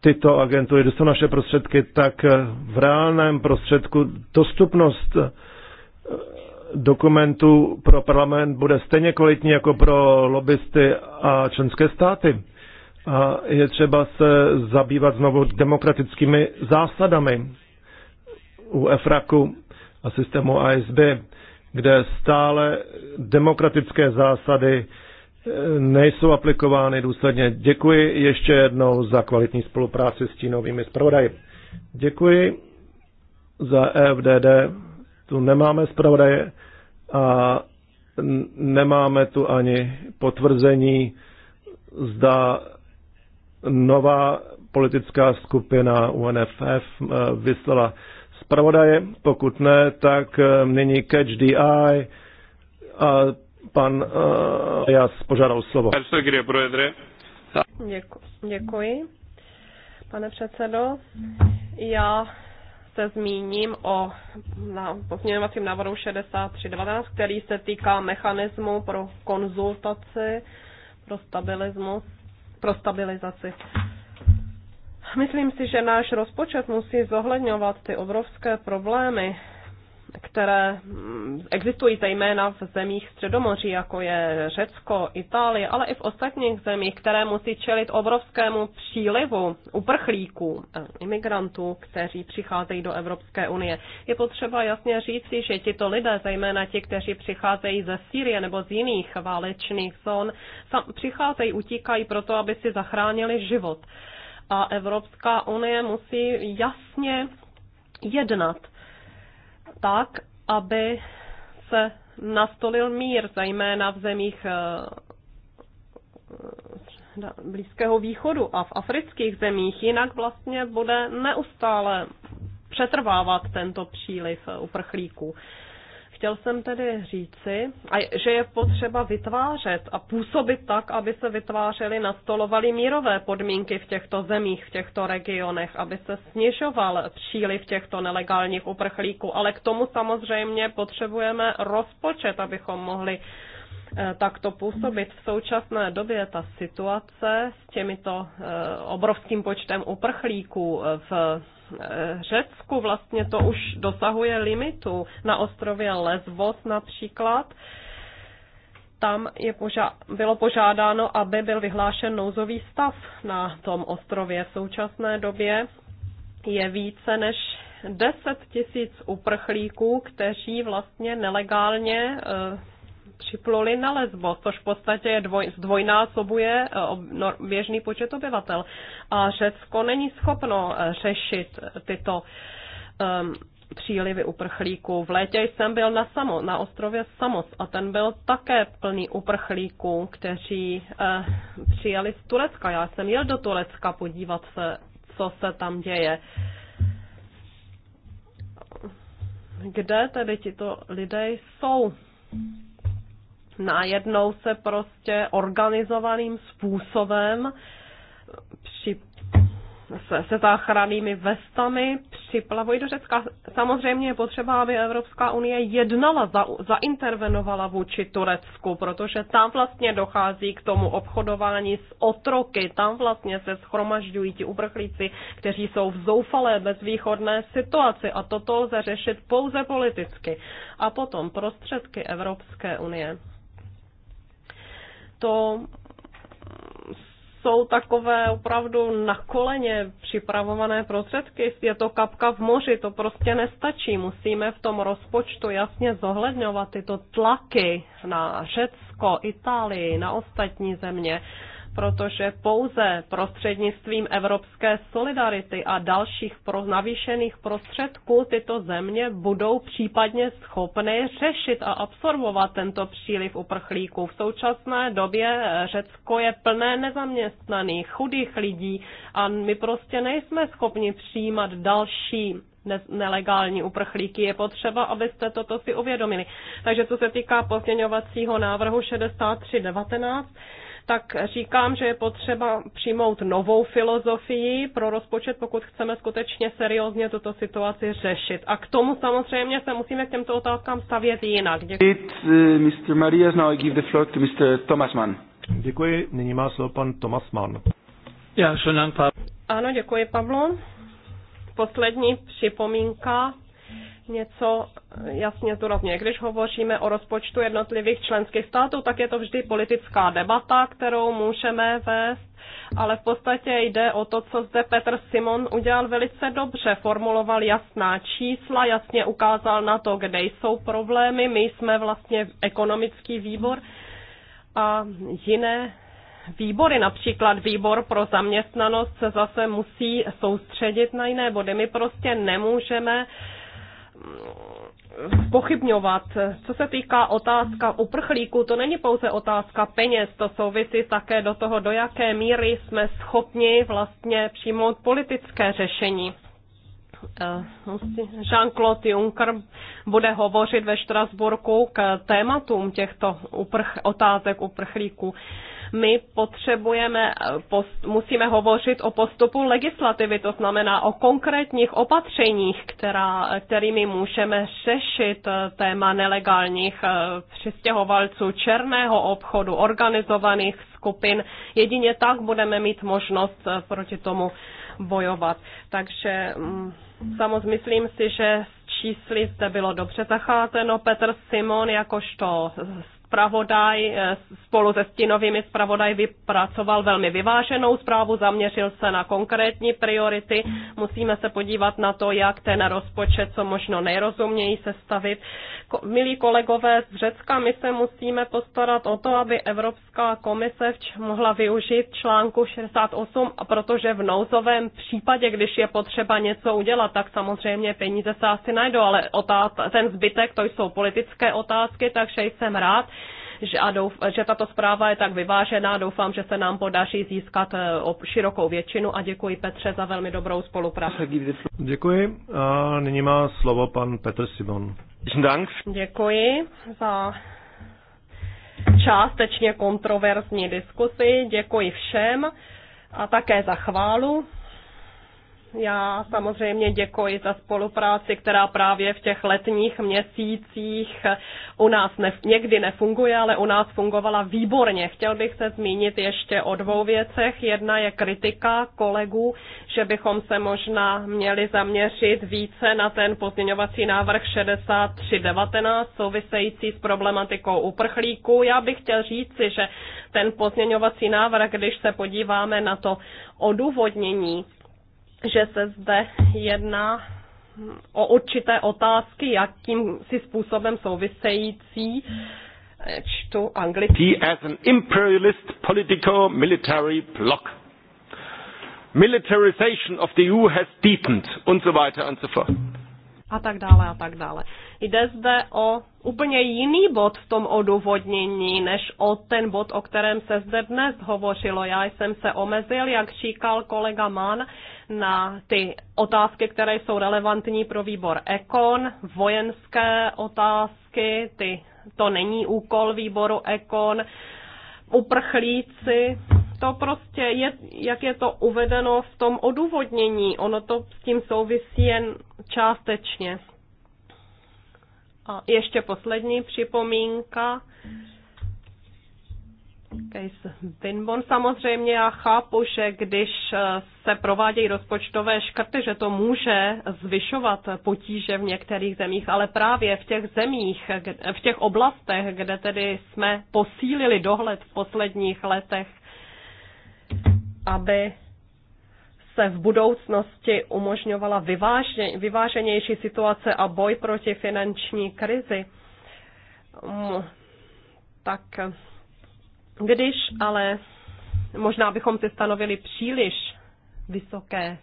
tyto agentury dostanou naše prostředky, tak eh, v reálném prostředku dostupnost eh, dokumentů pro parlament bude stejně kvalitní jako pro lobbysty a členské státy. A je třeba se zabývat znovu demokratickými zásadami u EFRAKu a systému ASB kde stále demokratické zásady eh, nejsou aplikovány důsledně. Děkuji ještě jednou za kvalitní spolupráci s tínovými zpravodaji. Děkuji za EFDD. Tu nemáme zpravodaje a nemáme tu ani potvrzení, zda nová politická skupina UNFF eh, vyslala zpravodaje? Pokud ne, tak eh, nyní Catch the Eye a pan uh, eh, já požádal slovo. Děku, děkuji. Pane předsedo, já se zmíním o na pozměňovacím návrhu 63.12, který se týká mechanismu pro konzultaci pro stabilismus, pro stabilizaci. Myslím si, že náš rozpočet musí zohledňovat ty obrovské problémy, které mm, existují zejména v zemích Středomoří, jako je Řecko, Itálie, ale i v ostatních zemích, které musí čelit obrovskému přílivu uprchlíků, eh, imigrantů, kteří přicházejí do Evropské unie. Je potřeba jasně říci, že tito lidé, zejména ti, kteří přicházejí ze Sýrie nebo z jiných válečných zón, přicházejí, utíkají proto, aby si zachránili život a Evropská unie musí jasně jednat tak, aby se nastolil mír, zejména v zemích eh, eh, eh, Blízkého východu a v afrických zemích, jinak vlastně bude neustále přetrvávat tento příliv uprchlíků. Chtěl jsem tedy říci, že je potřeba vytvářet a působit tak, aby se vytvářely, nastolovaly mírové podmínky v těchto zemích, v těchto regionech, aby se snižoval příliv těchto nelegálních uprchlíků. Ale k tomu samozřejmě potřebujeme rozpočet, abychom mohli eh, takto působit. V současné době ta situace s těmito eh, obrovským počtem uprchlíků eh, v Eh, Řecku vlastně to už dosahuje limitu. Na ostrově Lesbos například tam je poža- bylo požádáno, aby byl vyhlášen nouzový stav na tom ostrově. V současné době je více než 10 tisíc uprchlíků, kteří vlastně nelegálně eh, připluli na Lesbos, což v podstatě je dvoj, zdvojnásobuje eh, no, běžný počet obyvatel. A Řecko není schopno eh, řešit tyto um, přílivy uprchlíků. V létě jsem byl na, samo, na ostrově Samos a ten byl také plný uprchlíků, kteří uh, přijeli z Turecka. Já jsem jel do Turecka podívat se, co se tam děje. Kde tedy tito lidé jsou? najednou se prostě organizovaným způsobem při, se, se záchrannými vestami připlavují do Řecka. Samozřejmě je potřeba, aby Evropská unie jednala, za, zaintervenovala vůči Turecku, protože tam vlastně dochází k tomu obchodování s otroky, tam vlastně se schromažďují ti uprchlíci, kteří jsou v zoufalé bezvýchodné situaci a toto lze řešit pouze politicky. A potom prostředky Evropské unie to jsou takové opravdu na koleně připravované prostředky. Je to kapka v moři, to prostě nestačí. Musíme v tom rozpočtu jasně zohledňovat tyto tlaky na Řecko, Itálii, na ostatní země protože pouze prostřednictvím evropské solidarity a dalších pro navýšených prostředků tyto země budou případně schopny řešit a absorbovat tento příliv uprchlíků. V současné době Řecko je plné nezaměstnaných, chudých lidí a my prostě nejsme schopni přijímat další nelegální uprchlíky. Je potřeba, abyste toto si uvědomili. Takže co se týká pozměňovacího návrhu 6319, tak říkám, že je potřeba přijmout novou filozofii pro rozpočet, pokud chceme skutečně seriózně tuto situaci řešit. A k tomu samozřejmě se musíme k těmto otázkám stavět jinak. Děkuji. It, uh, Mr. now I give the floor to Mr. Děkuji. Nyní má slovo pan Thomas Mann. Ano, děkuji, Pavlo. Poslední připomínka něco jasně zdůrazňuje. Když hovoříme o rozpočtu jednotlivých členských států, tak je to vždy politická debata, kterou můžeme vést, ale v podstatě jde o to, co zde Petr Simon udělal velice dobře. Formuloval jasná čísla, jasně ukázal na to, kde jsou problémy. My jsme vlastně ekonomický výbor a jiné výbory, například výbor pro zaměstnanost se zase musí soustředit na jiné body. My prostě nemůžeme uh, pochybňovat. Co se týká otázka uprchlíků, to není pouze otázka peněz, to souvisí také do toho, do jaké míry jsme schopni vlastně přijmout politické řešení. Eh, Jean-Claude Juncker bude hovořit ve Štrasburku k tématům těchto uprch, otázek uprchlíků. My potřebujeme, eh, post, musíme hovořit o postupu legislativy, to znamená o konkrétních opatřeních, která, kterými můžeme řešit eh, téma nelegálních eh, přistěhovalců, černého obchodu, organizovaných skupin. Jedině tak budeme mít možnost proti tomu bojovat. Takže mm, samozřejmě myslím si, že čísly zde bylo dobře zacházeno. Petr Simon jakožto zpravodaj eh, spolu se stinovými zpravodaj vypracoval velmi vyváženou zprávu, zaměřil se na konkrétní priority. Musíme se podívat na to, jak ten rozpočet co možno nejrozuměji sestavit. Milí kolegové z Řecka, my se musíme postarat o to, aby Evropská komise mohla využít článku 68, protože v nouzovém případě, když je potřeba něco udělat, tak samozřejmě peníze se asi najdou, ale ten zbytek to jsou politické otázky, takže jsem rád, že, a douf, že tato zpráva je tak vyvážená. Doufám, že se nám podaří získat eh, širokou většinu a děkuji Petře za velmi dobrou spolupráci. Děkuji. A nyní má slovo pan Petr Simon. Děkuji za částečně kontroverzní diskusi. Děkuji všem a také za chválu. Já samozřejmě děkuji za spolupráci, která právě v těch letních měsících u nás ne, někdy nefunguje, ale u nás fungovala výborně. Chtěl bych se zmínit ještě o dvou věcech. Jedna je kritika kolegů, že bychom se možná měli zaměřit více na ten pozměňovací návrh 6319 související s problematikou uprchlíků. Já bych chtěl říci, že ten pozměňovací návrh, když se podíváme na to odůvodnění, že se zde jedná o určité otázky, jakým si způsobem související eh, čtu anglicky. He As an imperialist political military block. Militarization of the EU has deepened und so weiter und so fort a tak dále a tak dále. Jde zde o úplně jiný bod v tom odůvodnění, než o ten bod, o kterém se zde dnes hovořilo. Já jsem se omezil, jak říkal kolega Mann, na ty otázky, které jsou relevantní pro výbor Ekon, vojenské otázky, ty, to není úkol výboru Ekon, uprchlíci, to prostě je, jak je to uvedeno v tom odůvodnění. Ono to s tím souvisí jen částečně. A ještě poslední připomínka. Case Winbon samozřejmě já chápu, že když se provádějí rozpočtové škrty, že to může zvyšovat potíže v některých zemích, ale právě v těch zemích, v těch oblastech, kde tedy jsme posílili dohled v posledních letech, aby se v budoucnosti umožňovala vyvážně, vyváženější situace a boj proti finanční krizi. Tak když ale možná bychom si stanovili příliš vysoké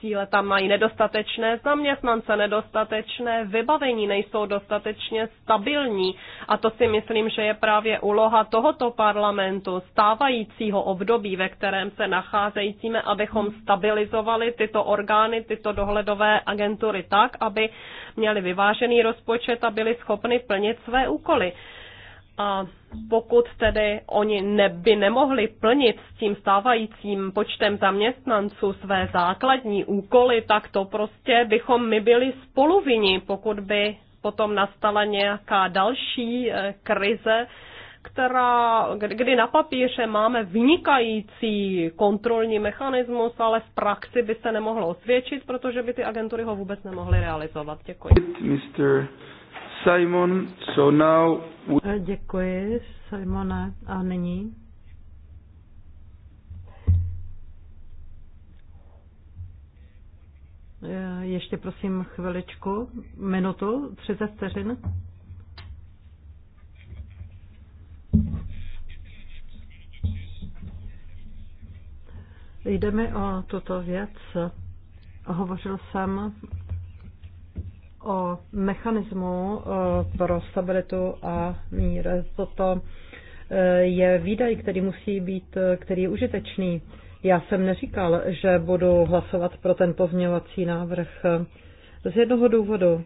cíle tam mají nedostatečné zaměstnance, nedostatečné vybavení, nejsou dostatečně stabilní. A to si myslím, že je právě úloha tohoto parlamentu, stávajícího období, ve kterém se nacházejícíme, abychom stabilizovali tyto orgány, tyto dohledové agentury tak, aby měli vyvážený rozpočet a byli schopni plnit své úkoly. A pokud tedy oni ne, by nemohli plnit s tím stávajícím počtem zaměstnanců své základní úkoly, tak to prostě bychom my byli spoluvini, pokud by potom nastala nějaká další eh, krize, která, kdy na papíře máme vynikající kontrolní mechanismus, ale v praxi by se nemohlo osvědčit, protože by ty agentury ho vůbec nemohly realizovat. Děkuji. Mr. Simon. So now we... Eh, děkuji, Simone. A nyní? Eh, ještě prosím chviličku, minutu, 30 vteřin. Jde mi o tuto věc. Hovořil jsem o mechanismu eh, pro stabilitu a mír. Toto eh, je výdaj, který musí být, eh, který je užitečný. Já jsem neříkal, že budu hlasovat pro ten pozměňovací návrh z jednoho důvodu.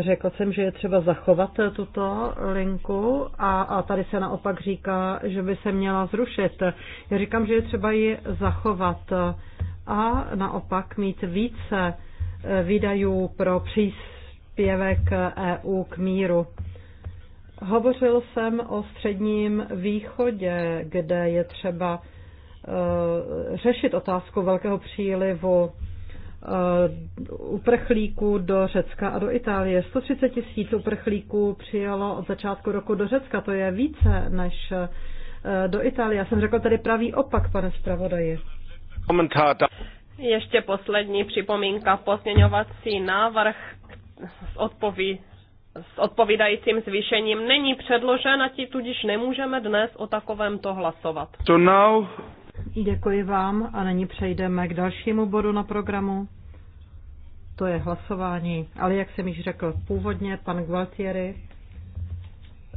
Řekl jsem, že je třeba zachovat tuto linku a, a tady se naopak říká, že by se měla zrušit. Já říkám, že je třeba ji zachovat a naopak mít více výdajů pro příspěvek EU k míru. Hovořil jsem o středním východě, kde je třeba eh, řešit otázku velkého přílivu eh, uprchlíků do Řecka a do Itálie. 130 tisíc uprchlíků přijelo od začátku roku do Řecka, to je více než eh, do Itálie. Já jsem řekl tady pravý opak, pane zpravodaji. Ještě poslední připomínka, pozměňovací návrh s, odpoví, s odpovídajícím zvýšením není předložen a ti tudíž nemůžeme dnes o takovémto hlasovat. To now... Děkuji vám a nyní přejdeme k dalšímu bodu na programu. To je hlasování, ale jak jsem již řekl původně, pan Gualtieri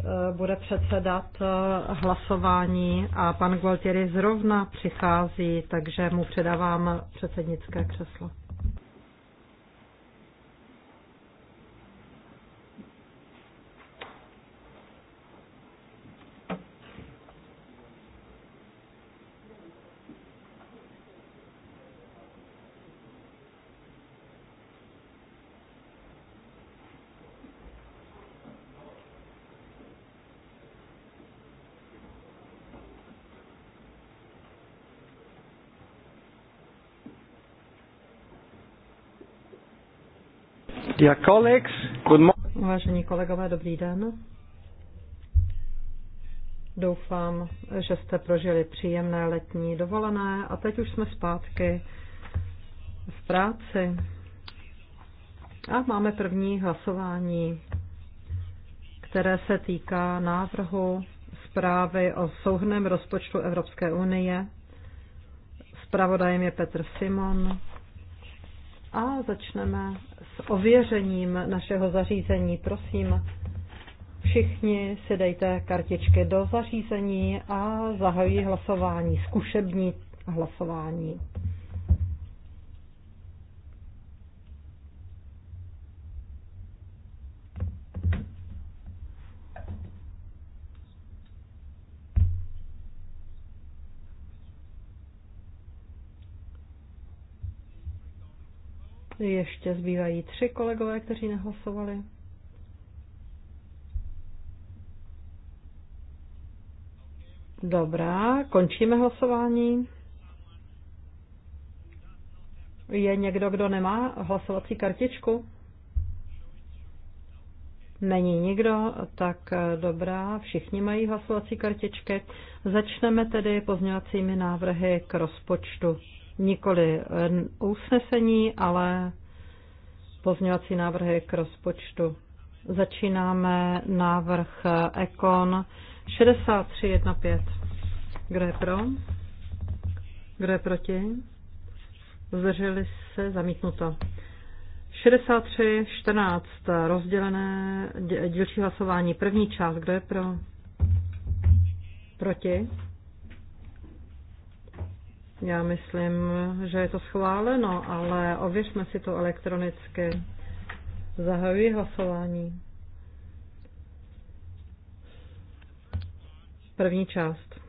Eh, bude předsedat eh, hlasování a pan Gualtieri zrovna přichází, takže mu předávám předsednické křeslo. Dear colleagues, good morning. Vážení kolegové, dobrý den. Doufám, že jste prožili příjemné letní dovolené a teď už jsme zpátky v práci. A máme první hlasování, které se týká návrhu zprávy o souhrném rozpočtu Evropské unie. Spravodajem je Petr Simon. A začneme ověřením našeho zařízení. Prosím, všichni si dejte kartičky do zařízení a zahají hlasování, zkušební hlasování. Ještě zbývají tři kolegové, kteří nehlasovali. Dobrá, končíme hlasování. Je někdo, kdo nemá hlasovací kartičku? Není nikdo, tak dobrá, všichni mají hlasovací kartičky. Začneme tedy pozměňovacími návrhy k rozpočtu nikoli eh, usnesení, ale pozměňovací návrhy k rozpočtu. Začínáme návrh Ekon eh, 6315. Kdo je pro? Kdo je proti? Zdrželi se zamítnuto. 63, 14, rozdělené dílčí hlasování. První část, kdo je pro? Proti? Já myslím, že je to schváleno, ale ověřme si to elektronicky. Zahajuji hlasování. První část.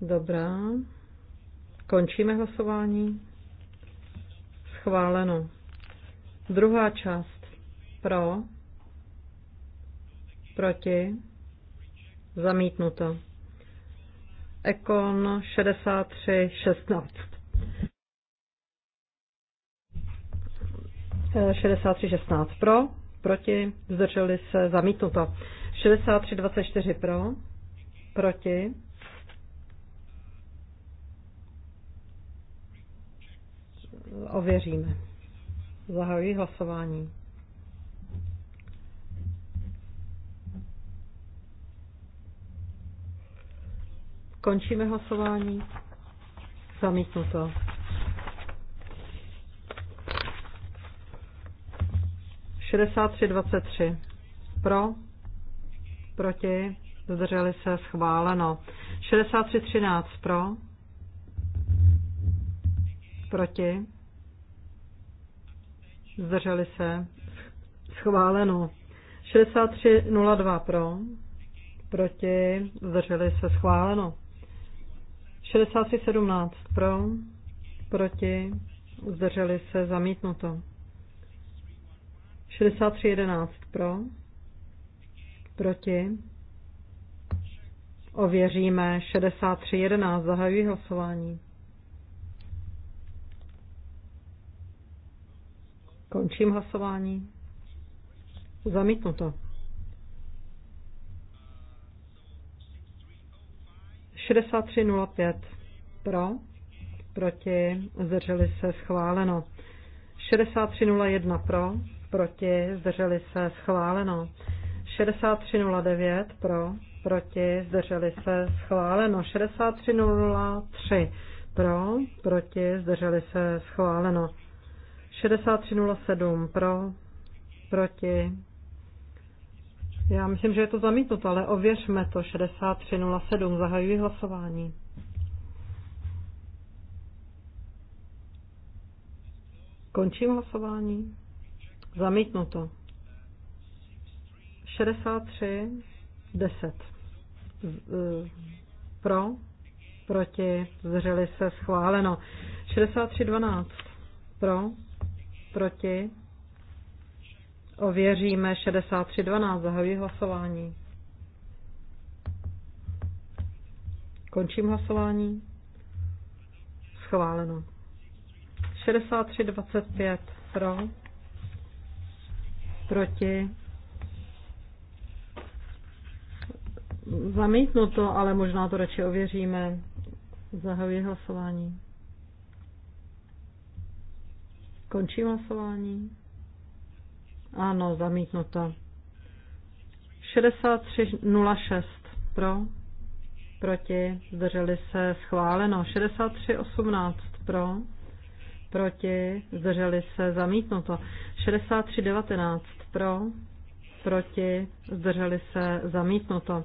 Dobrá. Končíme hlasování. Schváleno. Druhá část. Pro. Proti. Zamítnuto. Ekon 63, 16. 63, 16 pro, proti, zdrželi se, zamítnuto. 63, 24 pro, proti. Ověříme. Zahajuji hlasování. Končíme hlasování. Zamítnuto. to. tři Pro, proti, zdrželi se, schváleno. 63.13 pro, proti, zdrželi se, schváleno. 63.02 pro, proti, zdrželi se, schváleno. 63.17 pro, proti, zdrželi se, zamítnuto. 63.11 pro, proti, ověříme 63.11, zahajují hlasování. Končím hlasování. Zamítnuto. 6305 pro, proti, zdrželi se schváleno. 6301 pro, proti, zdrželi se schváleno. 6309 pro, proti, zdrželi se schváleno. 6303 pro, proti, zdrželi se schváleno. 6307 pro, proti, já myslím, že je to zamítnuto, ale ověřme to. 6307. Zahajuji hlasování. Končím hlasování. Zamítnuto. 63, 10. E, pro, proti, zřeli se, schváleno. 63, 12. Pro, proti, Ověříme 63.12. Zahajuji hlasování. Končím hlasování. Schváleno. 63.25 pro. Proti. Zamítnuto, ale možná to radši ověříme. Zahajuji hlasování. Končím hlasování. Ano, zamítnuto. 63.06 pro, proti, zdrželi se, schváleno. 63.18 pro, proti, zdrželi se, zamítnuto. 63.19 pro, proti, zdrželi se, zamítnuto.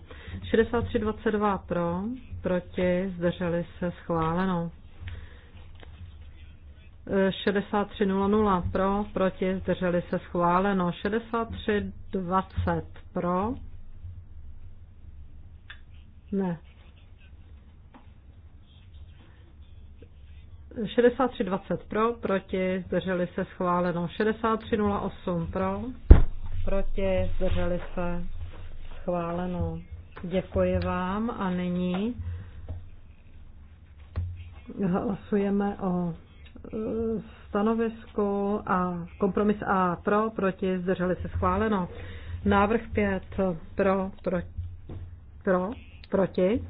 63.22 pro, proti, zdrželi se, schváleno. 63.00 pro, proti, zdrželi se schváleno. 63.20 pro. Ne. 63.20 pro, proti, zdrželi se schváleno. 63.08 pro, proti, zdrželi se schváleno. Děkuji vám a nyní hlasujeme o stanovisko a kompromis A pro, proti, zdrželi se schváleno. Návrh 5 pro, pro, pro proti.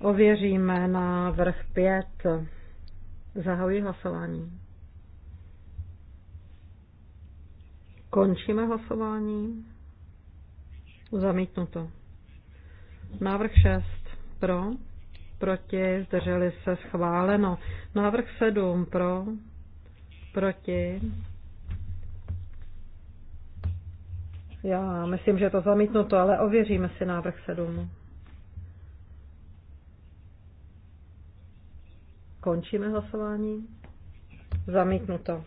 Ověříme návrh 5. Zahajuji hlasování. Končíme hlasování. Zamítnuto. Návrh 6 pro, proti, zdrželi se schváleno. Návrh 7 pro, proti. Já myslím, že to zamítnuto, ale ověříme si návrh 7. Končíme hlasování. Zamítnuto.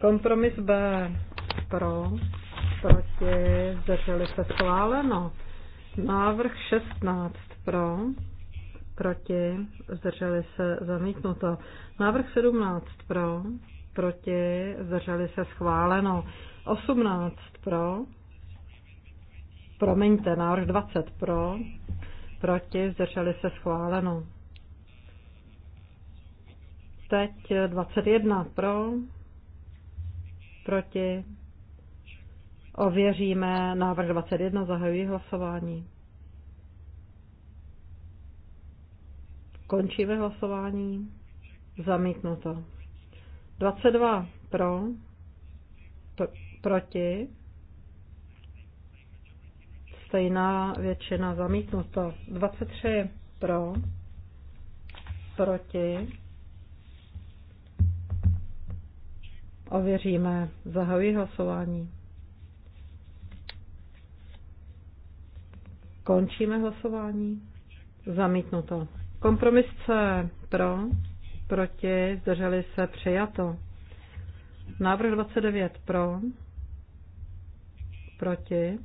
Kompromis B pro, proti, zdrželi se schváleno. Návrh 16 pro, proti, zdrželi se zamítnuto. Návrh 17 pro, proti, zdrželi se schváleno. 18 pro, promiňte, návrh 20 pro, proti, zdrželi se schváleno. Teď 21 pro, proti, ověříme návrh 21, zahajují hlasování. Končíme hlasování. Zamítnuto. 22 pro, pr- proti, stejná většina zamítnuto. 23 pro, proti, ověříme, zahajuji hlasování. Končíme hlasování. Zamítnuto. Kompromis C pro, proti, zdrželi se přijato. Návrh 29 pro, proti,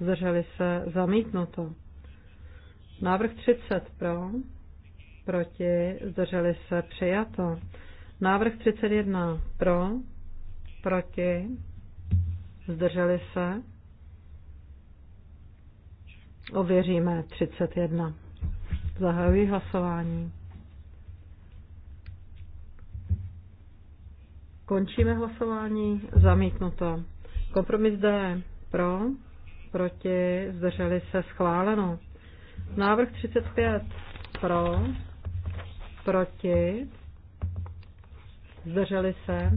zdrželi se zamítnuto. Návrh 30 pro, proti, zdrželi se přijato. Návrh 31 pro, proti, zdrželi se. Ověříme 31. Zahajuji hlasování. Končíme hlasování. Zamítnuto. Kompromis D. Pro. Proti. Zdrželi se. Schváleno. Návrh 35. Pro. Proti. Zdrželi se.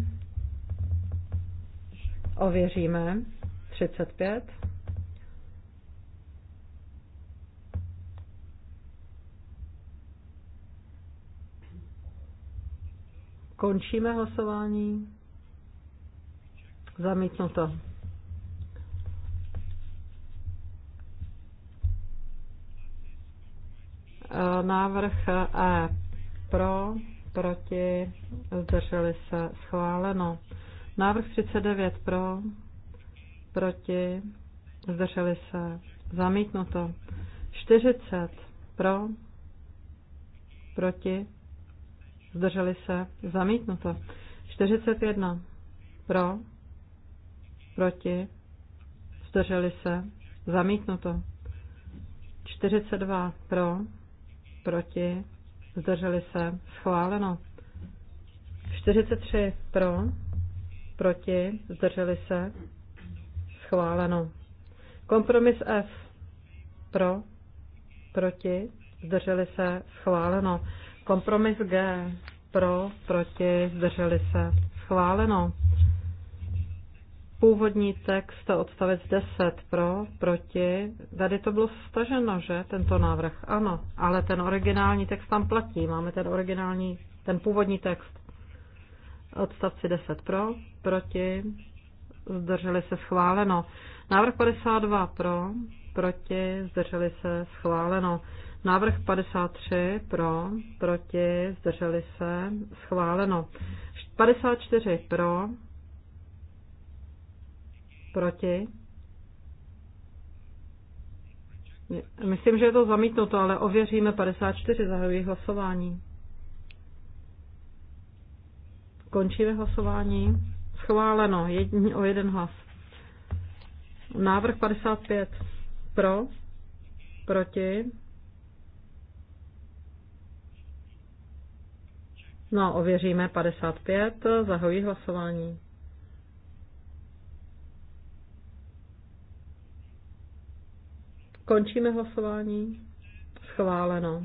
Ověříme. 35. Končíme hlasování. Zamítnuto. E, návrh E pro, proti, zdrželi se, schváleno. Návrh 39 pro, proti, zdrželi se, zamítnuto. 40 pro, proti, zdrželi se, zamítnuto. 41 pro, proti, zdrželi se, zamítnuto. 42 pro, proti, zdrželi se, schváleno. 43 pro, proti, zdrželi se, schváleno. Kompromis F pro, proti, zdrželi se, schváleno. Kompromis G. Pro, proti, zdrželi se. Schváleno. Původní text odstavec 10 pro, proti. Tady to bylo staženo, že? Tento návrh. Ano, ale ten originální text tam platí. Máme ten originální, ten původní text. Odstavci 10 pro, proti. Zdrželi se schváleno. Návrh 52 pro, proti. Zdrželi se schváleno. Návrh 53 pro, proti, zdrželi se, schváleno. 54 pro, proti. Myslím, že je to zamítnuto, ale ověříme 54, zahajuji hlasování. Končíme hlasování. Schváleno, jedni, o jeden hlas. Návrh 55 pro, proti, No, ověříme 55, zahojí hlasování. Končíme hlasování. Schváleno.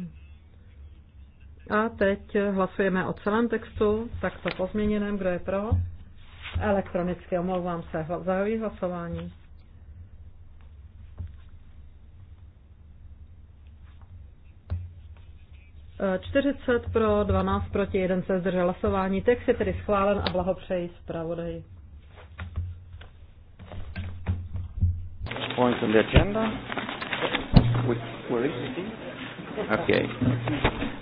A teď hlasujeme o celém textu, takto pozměněném, kdo je pro. Elektronicky, omlouvám se, zahojí hlasování. 40 pro, 12 proti, 1 se zdržel hlasování. Text je tedy schválen a blahopřeji zpravodaji. Point on the agenda. Okay.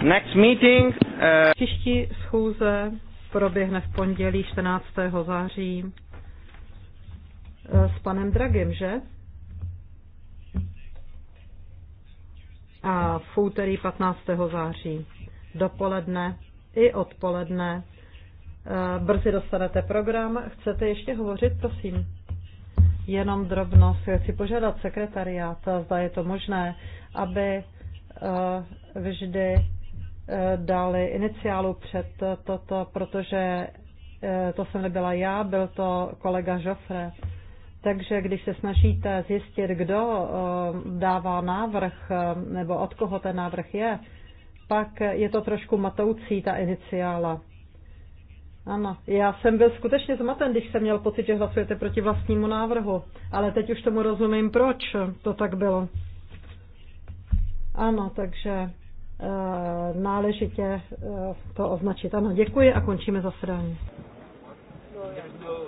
Next meeting. Uh... Příští schůze proběhne v pondělí 14. září eh, s panem Dragem, že? a v úterý 15. září dopoledne i odpoledne. E, brzy dostanete program. Chcete ještě hovořit, prosím? Jenom drobnost. Chci požádat sekretariát, zda je to možné, aby e, vždy e, dali iniciálu před toto, protože to jsem nebyla já, byl to kolega Joffre. Takže když se snažíte zjistit, kdo eh, dává návrh eh, nebo od koho ten návrh je, pak je to trošku matoucí ta iniciála. Ano, já jsem byl skutečně zmaten, když jsem měl pocit, že hlasujete proti vlastnímu návrhu, ale teď už tomu rozumím, proč to tak bylo. Ano, takže e, náležitě e, to označit. Ano, děkuji a končíme zasedání. No,